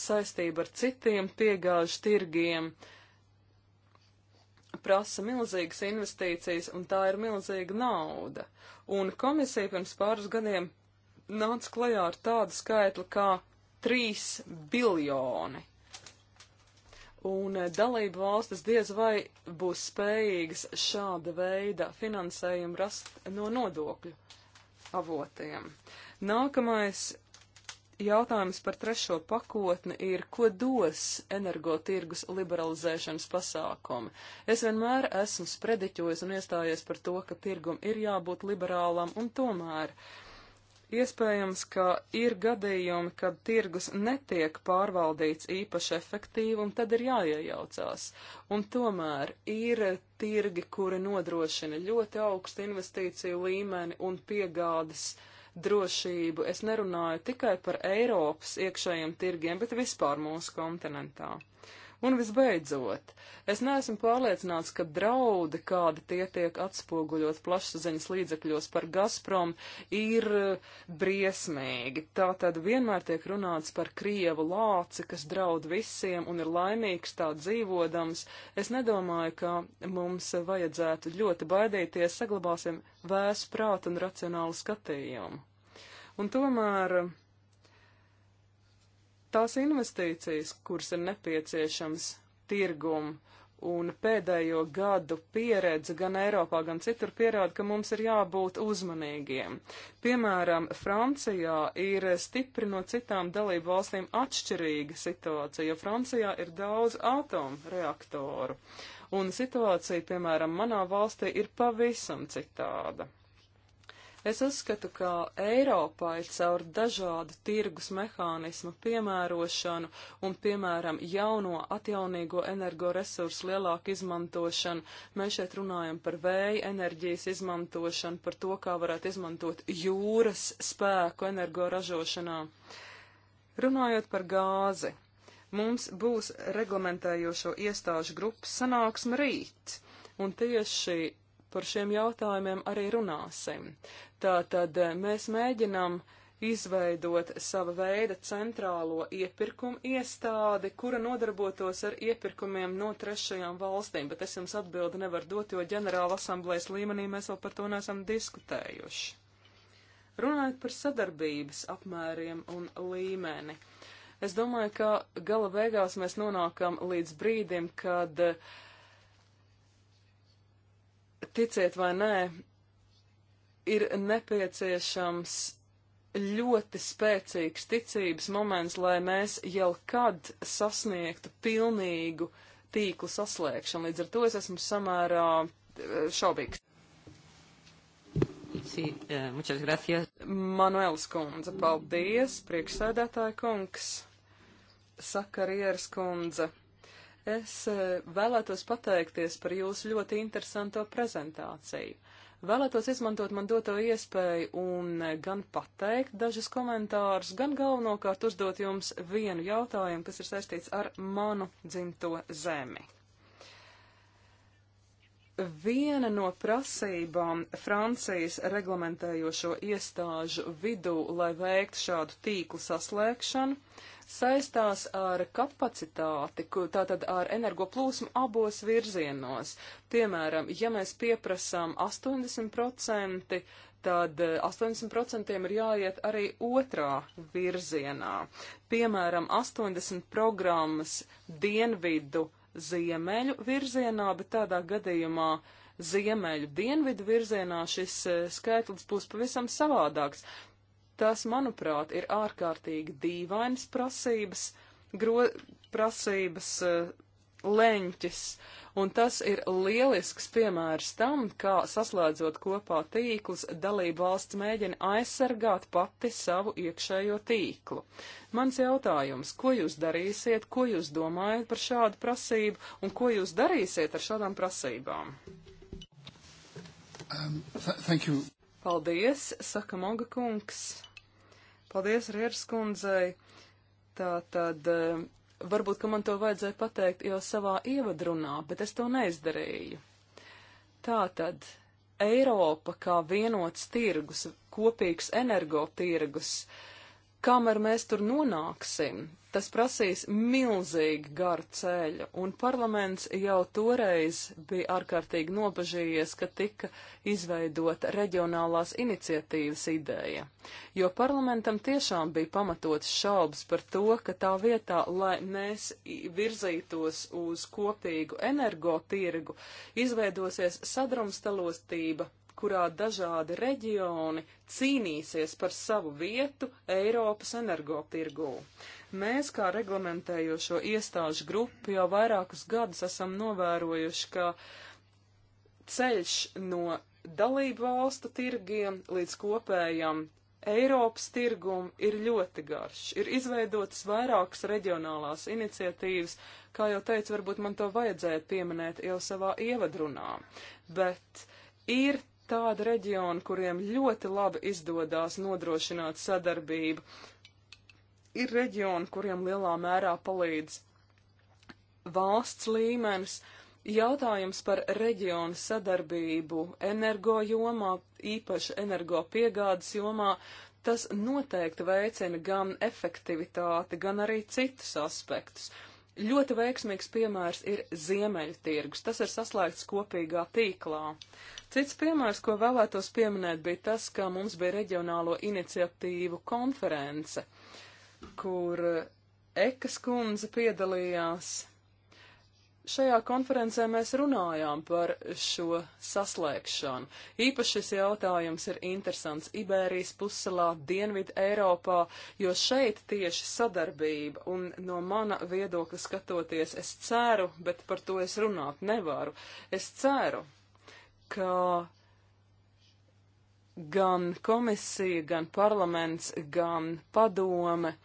saistība ar citiem piegāžu tirgiem uh, prasa milzīgas investīcijas, un tā ir milzīga nauda. Un komisija pirms pāris gadiem nāca klajā ar tādu skaitli kā 3 biljoni. Un eh, dalību valstis diez vai būs spējīgas šāda veida finansējumu rast no nodokļu avotiem. Nākamais jautājums par trešo pakotni ir, ko dos energotirgus liberalizēšanas pasākumi. Es vienmēr esmu sprediķojis un iestājies par to, ka tirgum ir jābūt liberālam un tomēr. Iespējams, ka ir gadījumi, kad tirgus netiek pārvaldīts īpaši efektīvi, un tad ir jāiejaucās. Un tomēr ir tirgi, kuri nodrošina ļoti augstu investīciju līmeni un piegādes uh, drošību. Es nerunāju tikai par Eiropas iekšējiem tirgiem, bet vispār mūsu kontinentā. Uh, Un visbeidzot, es neesmu pārliecināts, ka draudi, kādi tie tiek atspoguļot plašsaziņas līdzekļos par Gazprom, ir eh, briesmīgi. Tā tad vienmēr tiek runāts par Krievu lāci, kas draud visiem un ir laimīgs tā dzīvodams. Es nedomāju, ka mums vajadzētu ļoti baidīties, saglabāsim vēsu prātu un racionālu skatījumu. Un tomēr tās investīcijas, kuras ir nepieciešams tirgumu. Un pēdējo gadu pieredze gan Eiropā, gan citur pierāda, ka mums ir jābūt uzmanīgiem. Piemēram, Francijā ir stipri no citām dalību valstīm atšķirīga situācija, jo Francijā ir daudz atomreaktoru. Un situācija, piemēram, manā valstī ir pavisam citāda. Es uzskatu, ka Eiropai caur dažādu tirgus mehānismu piemērošanu un, piemēram, jauno atjaunīgo energoresursu lielāku izmantošanu, mēs šeit runājam par vēja enerģijas izmantošanu, par to, kā varētu izmantot jūras spēku energoražošanā. Runājot par gāzi, mums būs reglamentējošo iestāžu grupas sanāksme rīt, un tieši par šiem jautājumiem arī runāsim. Tātad eh, mēs mēģinam izveidot sava veida centrālo iepirkumu iestādi, kura nodarbotos ar iepirkumiem no trešajām valstīm, bet es jums atbildi nevaru dot, jo ģenerāla asamblējas līmenī mēs vēl par to neesam diskutējuši. Runājot par sadarbības apmēriem un līmeni. Es domāju, ka gala beigās mēs nonākam līdz brīdim, kad uh, ticiet vai nē, ir nepieciešams ļoti spēcīgs ticības moments, lai mēs jau kad sasniegtu pilnīgu tīklu saslēgšanu. Līdz ar to es esmu samērā eh, šaubīgs. Sí, eh, muchas gracias. Manuels kundze, paldies, priekšsēdētāja kungs, sakarieras kundze. Es e, vēlētos pateikties par jūsu ļoti interesanto prezentāciju. Vēlētos izmantot man doto iespēju un e, gan pateikt dažus komentārus, gan galvenokārt uzdot jums vienu jautājumu, kas ir saistīts ar manu dzimto zemi. Viena no prasībām Francijas reglamentējošo iestāžu vidū, lai veiktu šādu tīklu saslēgšanu, saistās ar kapacitāti, tātad ar energoplūsmu abos virzienos. Piemēram, ja mēs pieprasām 80%, tad 80% eh, ir jāiet arī otrā virzienā. Piemēram, 80 programmas dienvidu ziemeļu virzienā, bet tādā gadījumā ziemeļu dienvidu virzienā šis eh, skaitlis būs pavisam savādāks. Tas, manuprāt, ir ārkārtīgi dīvainas prasības, gro, prasības eh, leņķis. Uh, un tas ir lielisks piemērs tam, kā saslēdzot kopā tīklus, dalība valsts mēģina aizsargāt pati savu iekšējo tīklu. Mans jautājums, ko jūs darīsiet, ko jūs domājat par šādu prasību un ko jūs darīsiet ar šādām prasībām? Um, th thank you. Paldies, saka Moga kungs. Paldies Rieras kundzei. Tā tad Varbūt, ka man to vajadzēja pateikt jau savā ievadrunā, bet es to neizdarīju. Tātad Eiropa kā vienots tirgus, kopīgs energotirgus, uh, kamēr mēs tur nonāksim, tas prasīs milzīgi garu ceļu, un parlaments jau toreiz bija ārkārtīgi nobežījies, ka tika izveidota reģionālās iniciatīvas ideja, jo parlamentam tiešām bija pamatots šaubas par to, ka tā vietā, lai mēs virzītos uz kopīgu energotirgu, izveidosies sadrumstalotība kurā dažādi reģioni cīnīsies par savu vietu Eiropas energotirgū. Mēs, kā reglamentējošo iestāžu grupu, jau vairākus gadus esam novērojuši, ka ceļš no dalību valstu tirgiem līdz kopējam Eiropas tirgumu ir ļoti garš. Ir izveidotas vairākas reģionālās iniciatīvas, kā jau teicu, varbūt man to vajadzēja pieminēt jau savā ievadrunā, bet ir tādi reģioni, kuriem ļoti labi izdodas nodrošināt sadarbību. Ir reģioni, kuriem lielā mērā palīdz valsts līmenis. Jautājums par reģionu sadarbību energo jomā, īpaši energo piegādes jomā, tas noteikti veicina gan efektivitāti, gan arī citus aspektus. Ļoti veiksmīgs piemērs ir ziemeļu tirgus. Tas ir saslēgts kopīgā tīklā. Cits piemērs, ko vēlētos pieminēt, bija tas, ka mums bija reģionālo iniciatīvu konference, kur Ekas kundze piedalījās Šajā konferencē mēs runājām par šo saslēgšanu. Īpaši šis jautājums ir interesants Iberijas pussalā, Dienvidu Eiropā, jo šeit tieši sadarbība un no mana viedokļa skatoties, es ceru, bet par to es runāt nevaru. Es ceru, ka gan komisija, gan parlaments, gan padome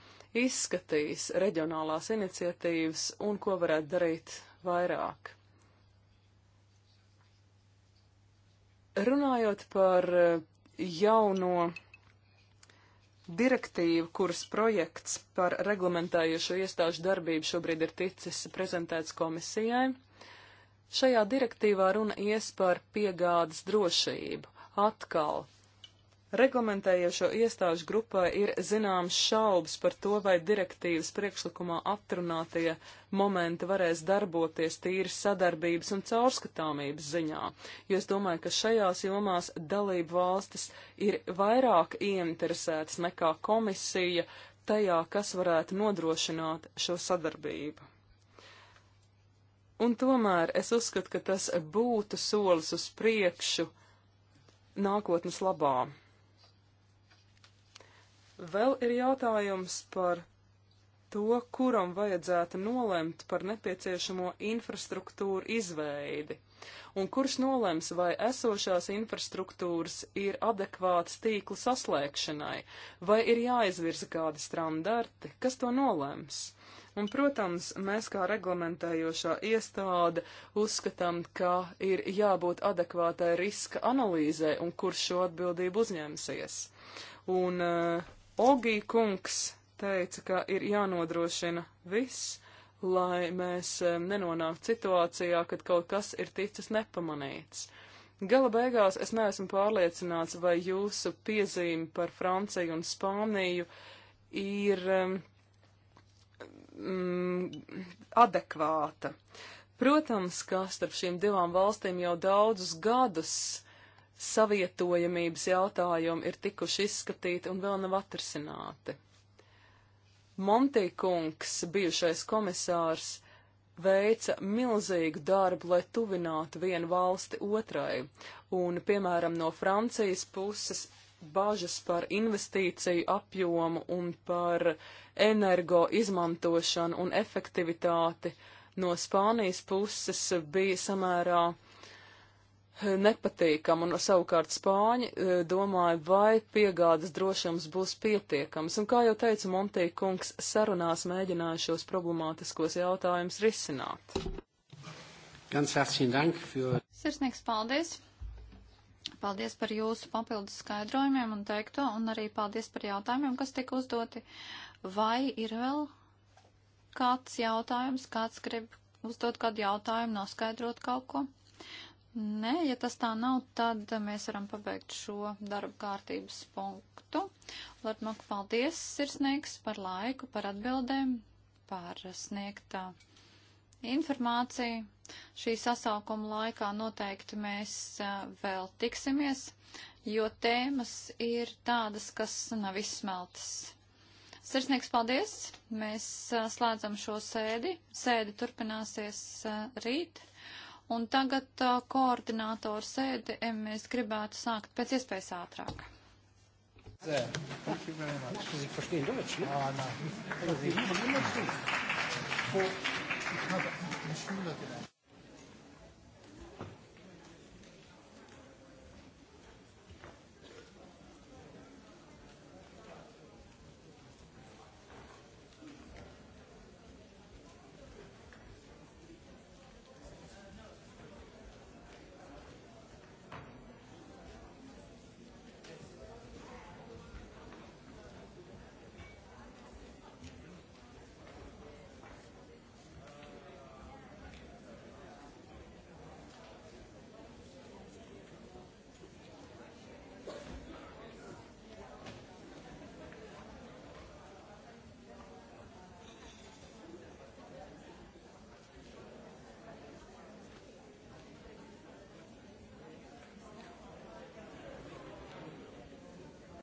izskatīs reģionālās iniciatīvas un ko varētu darīt vairāk. Runājot par eh, jauno direktīvu, kuras projekts par reglamentējušo iestāžu darbību šobrīd ir ticis prezentēts komisijai, šajā direktīvā runa ies par piegādes drošību. Atkal Reglamentējošo iestāžu grupai ir zināms šaubas par to, vai direktīvas priekšlikumā atrunātie momenti varēs darboties tīri sadarbības un caurskatāmības ziņā, jo es domāju, ka šajās jomās dalību valstis ir vairāk ieinteresētas nekā komisija tajā, kas varētu nodrošināt šo sadarbību. Un tomēr es uzskatu, ka tas būtu solis uz priekšu nākotnes labā. Vēl ir jautājums par to, kuram vajadzētu nolemt par nepieciešamo infrastruktūru izveidi, un kurš nolems, vai esošās infrastruktūras ir adekvāts tīklu saslēgšanai, vai ir jāizvirza kādi standarti, kas to nolems. Un, protams, mēs kā reglamentējošā iestāde uzskatām, ka ir jābūt adekvātai riska analīzē un kurš šo atbildību uzņemsies. Un, uh, Ogī kungs teica, ka ir jānodrošina viss, lai mēs nenonāktu situācijā, kad kaut kas ir ticis nepamanīts. Gala beigās es neesmu pārliecināts, vai jūsu piezīme par Franciju un Spāniju ir mm, adekvāta. Protams, ka starp šīm divām valstīm jau daudzus gadus savietojamības jautājumi ir tikuši izskatīti un vēl nav atrisināti. Montīkungs, bijušais komisārs, veica milzīgu darbu, lai tuvinātu vienu valsti otrai, un, piemēram, no Francijas puses bažas par investīciju apjomu un par energo izmantošanu un efektivitāti no Spānijas puses bija samērā uh, nepatīkama, un savukārt Spāņi e, domāja, vai piegādes drošums būs pietiekams. Un kā jau teica Montī kungs, sarunās mēģināja šos problemātiskos jautājumus risināt. Ganz herzlichen Dank für. Sirsnīgs paldies! Paldies par jūsu papildus skaidrojumiem un teikto, un arī paldies par jautājumiem, kas tika uzdoti. Vai ir vēl kāds jautājums, kāds grib uzdot kādu jautājumu, noskaidrot kaut ko? Nē, ja tas tā nav, tad mēs varam pabeigt šo darba kārtības punktu. Lordmok, paldies sirsnīgs par laiku, par atbildēm, par sniegtā informāciju. Šī sasaukuma laikā noteikti mēs vēl tiksimies, jo tēmas ir tādas, kas nav izsmeltas. Sirsnīgs paldies! Mēs slēdzam šo sēdi. Sēdi turpināsies rīt. Un tagad uh, koordinātoru sēdi mēs gribētu sākt pēc iespējas ātrāk. Sehr. Thank you very much. Sie verstehen Deutsch, ne? Ah, nein. Sie haben immer Ich habe einen Schüler gelernt.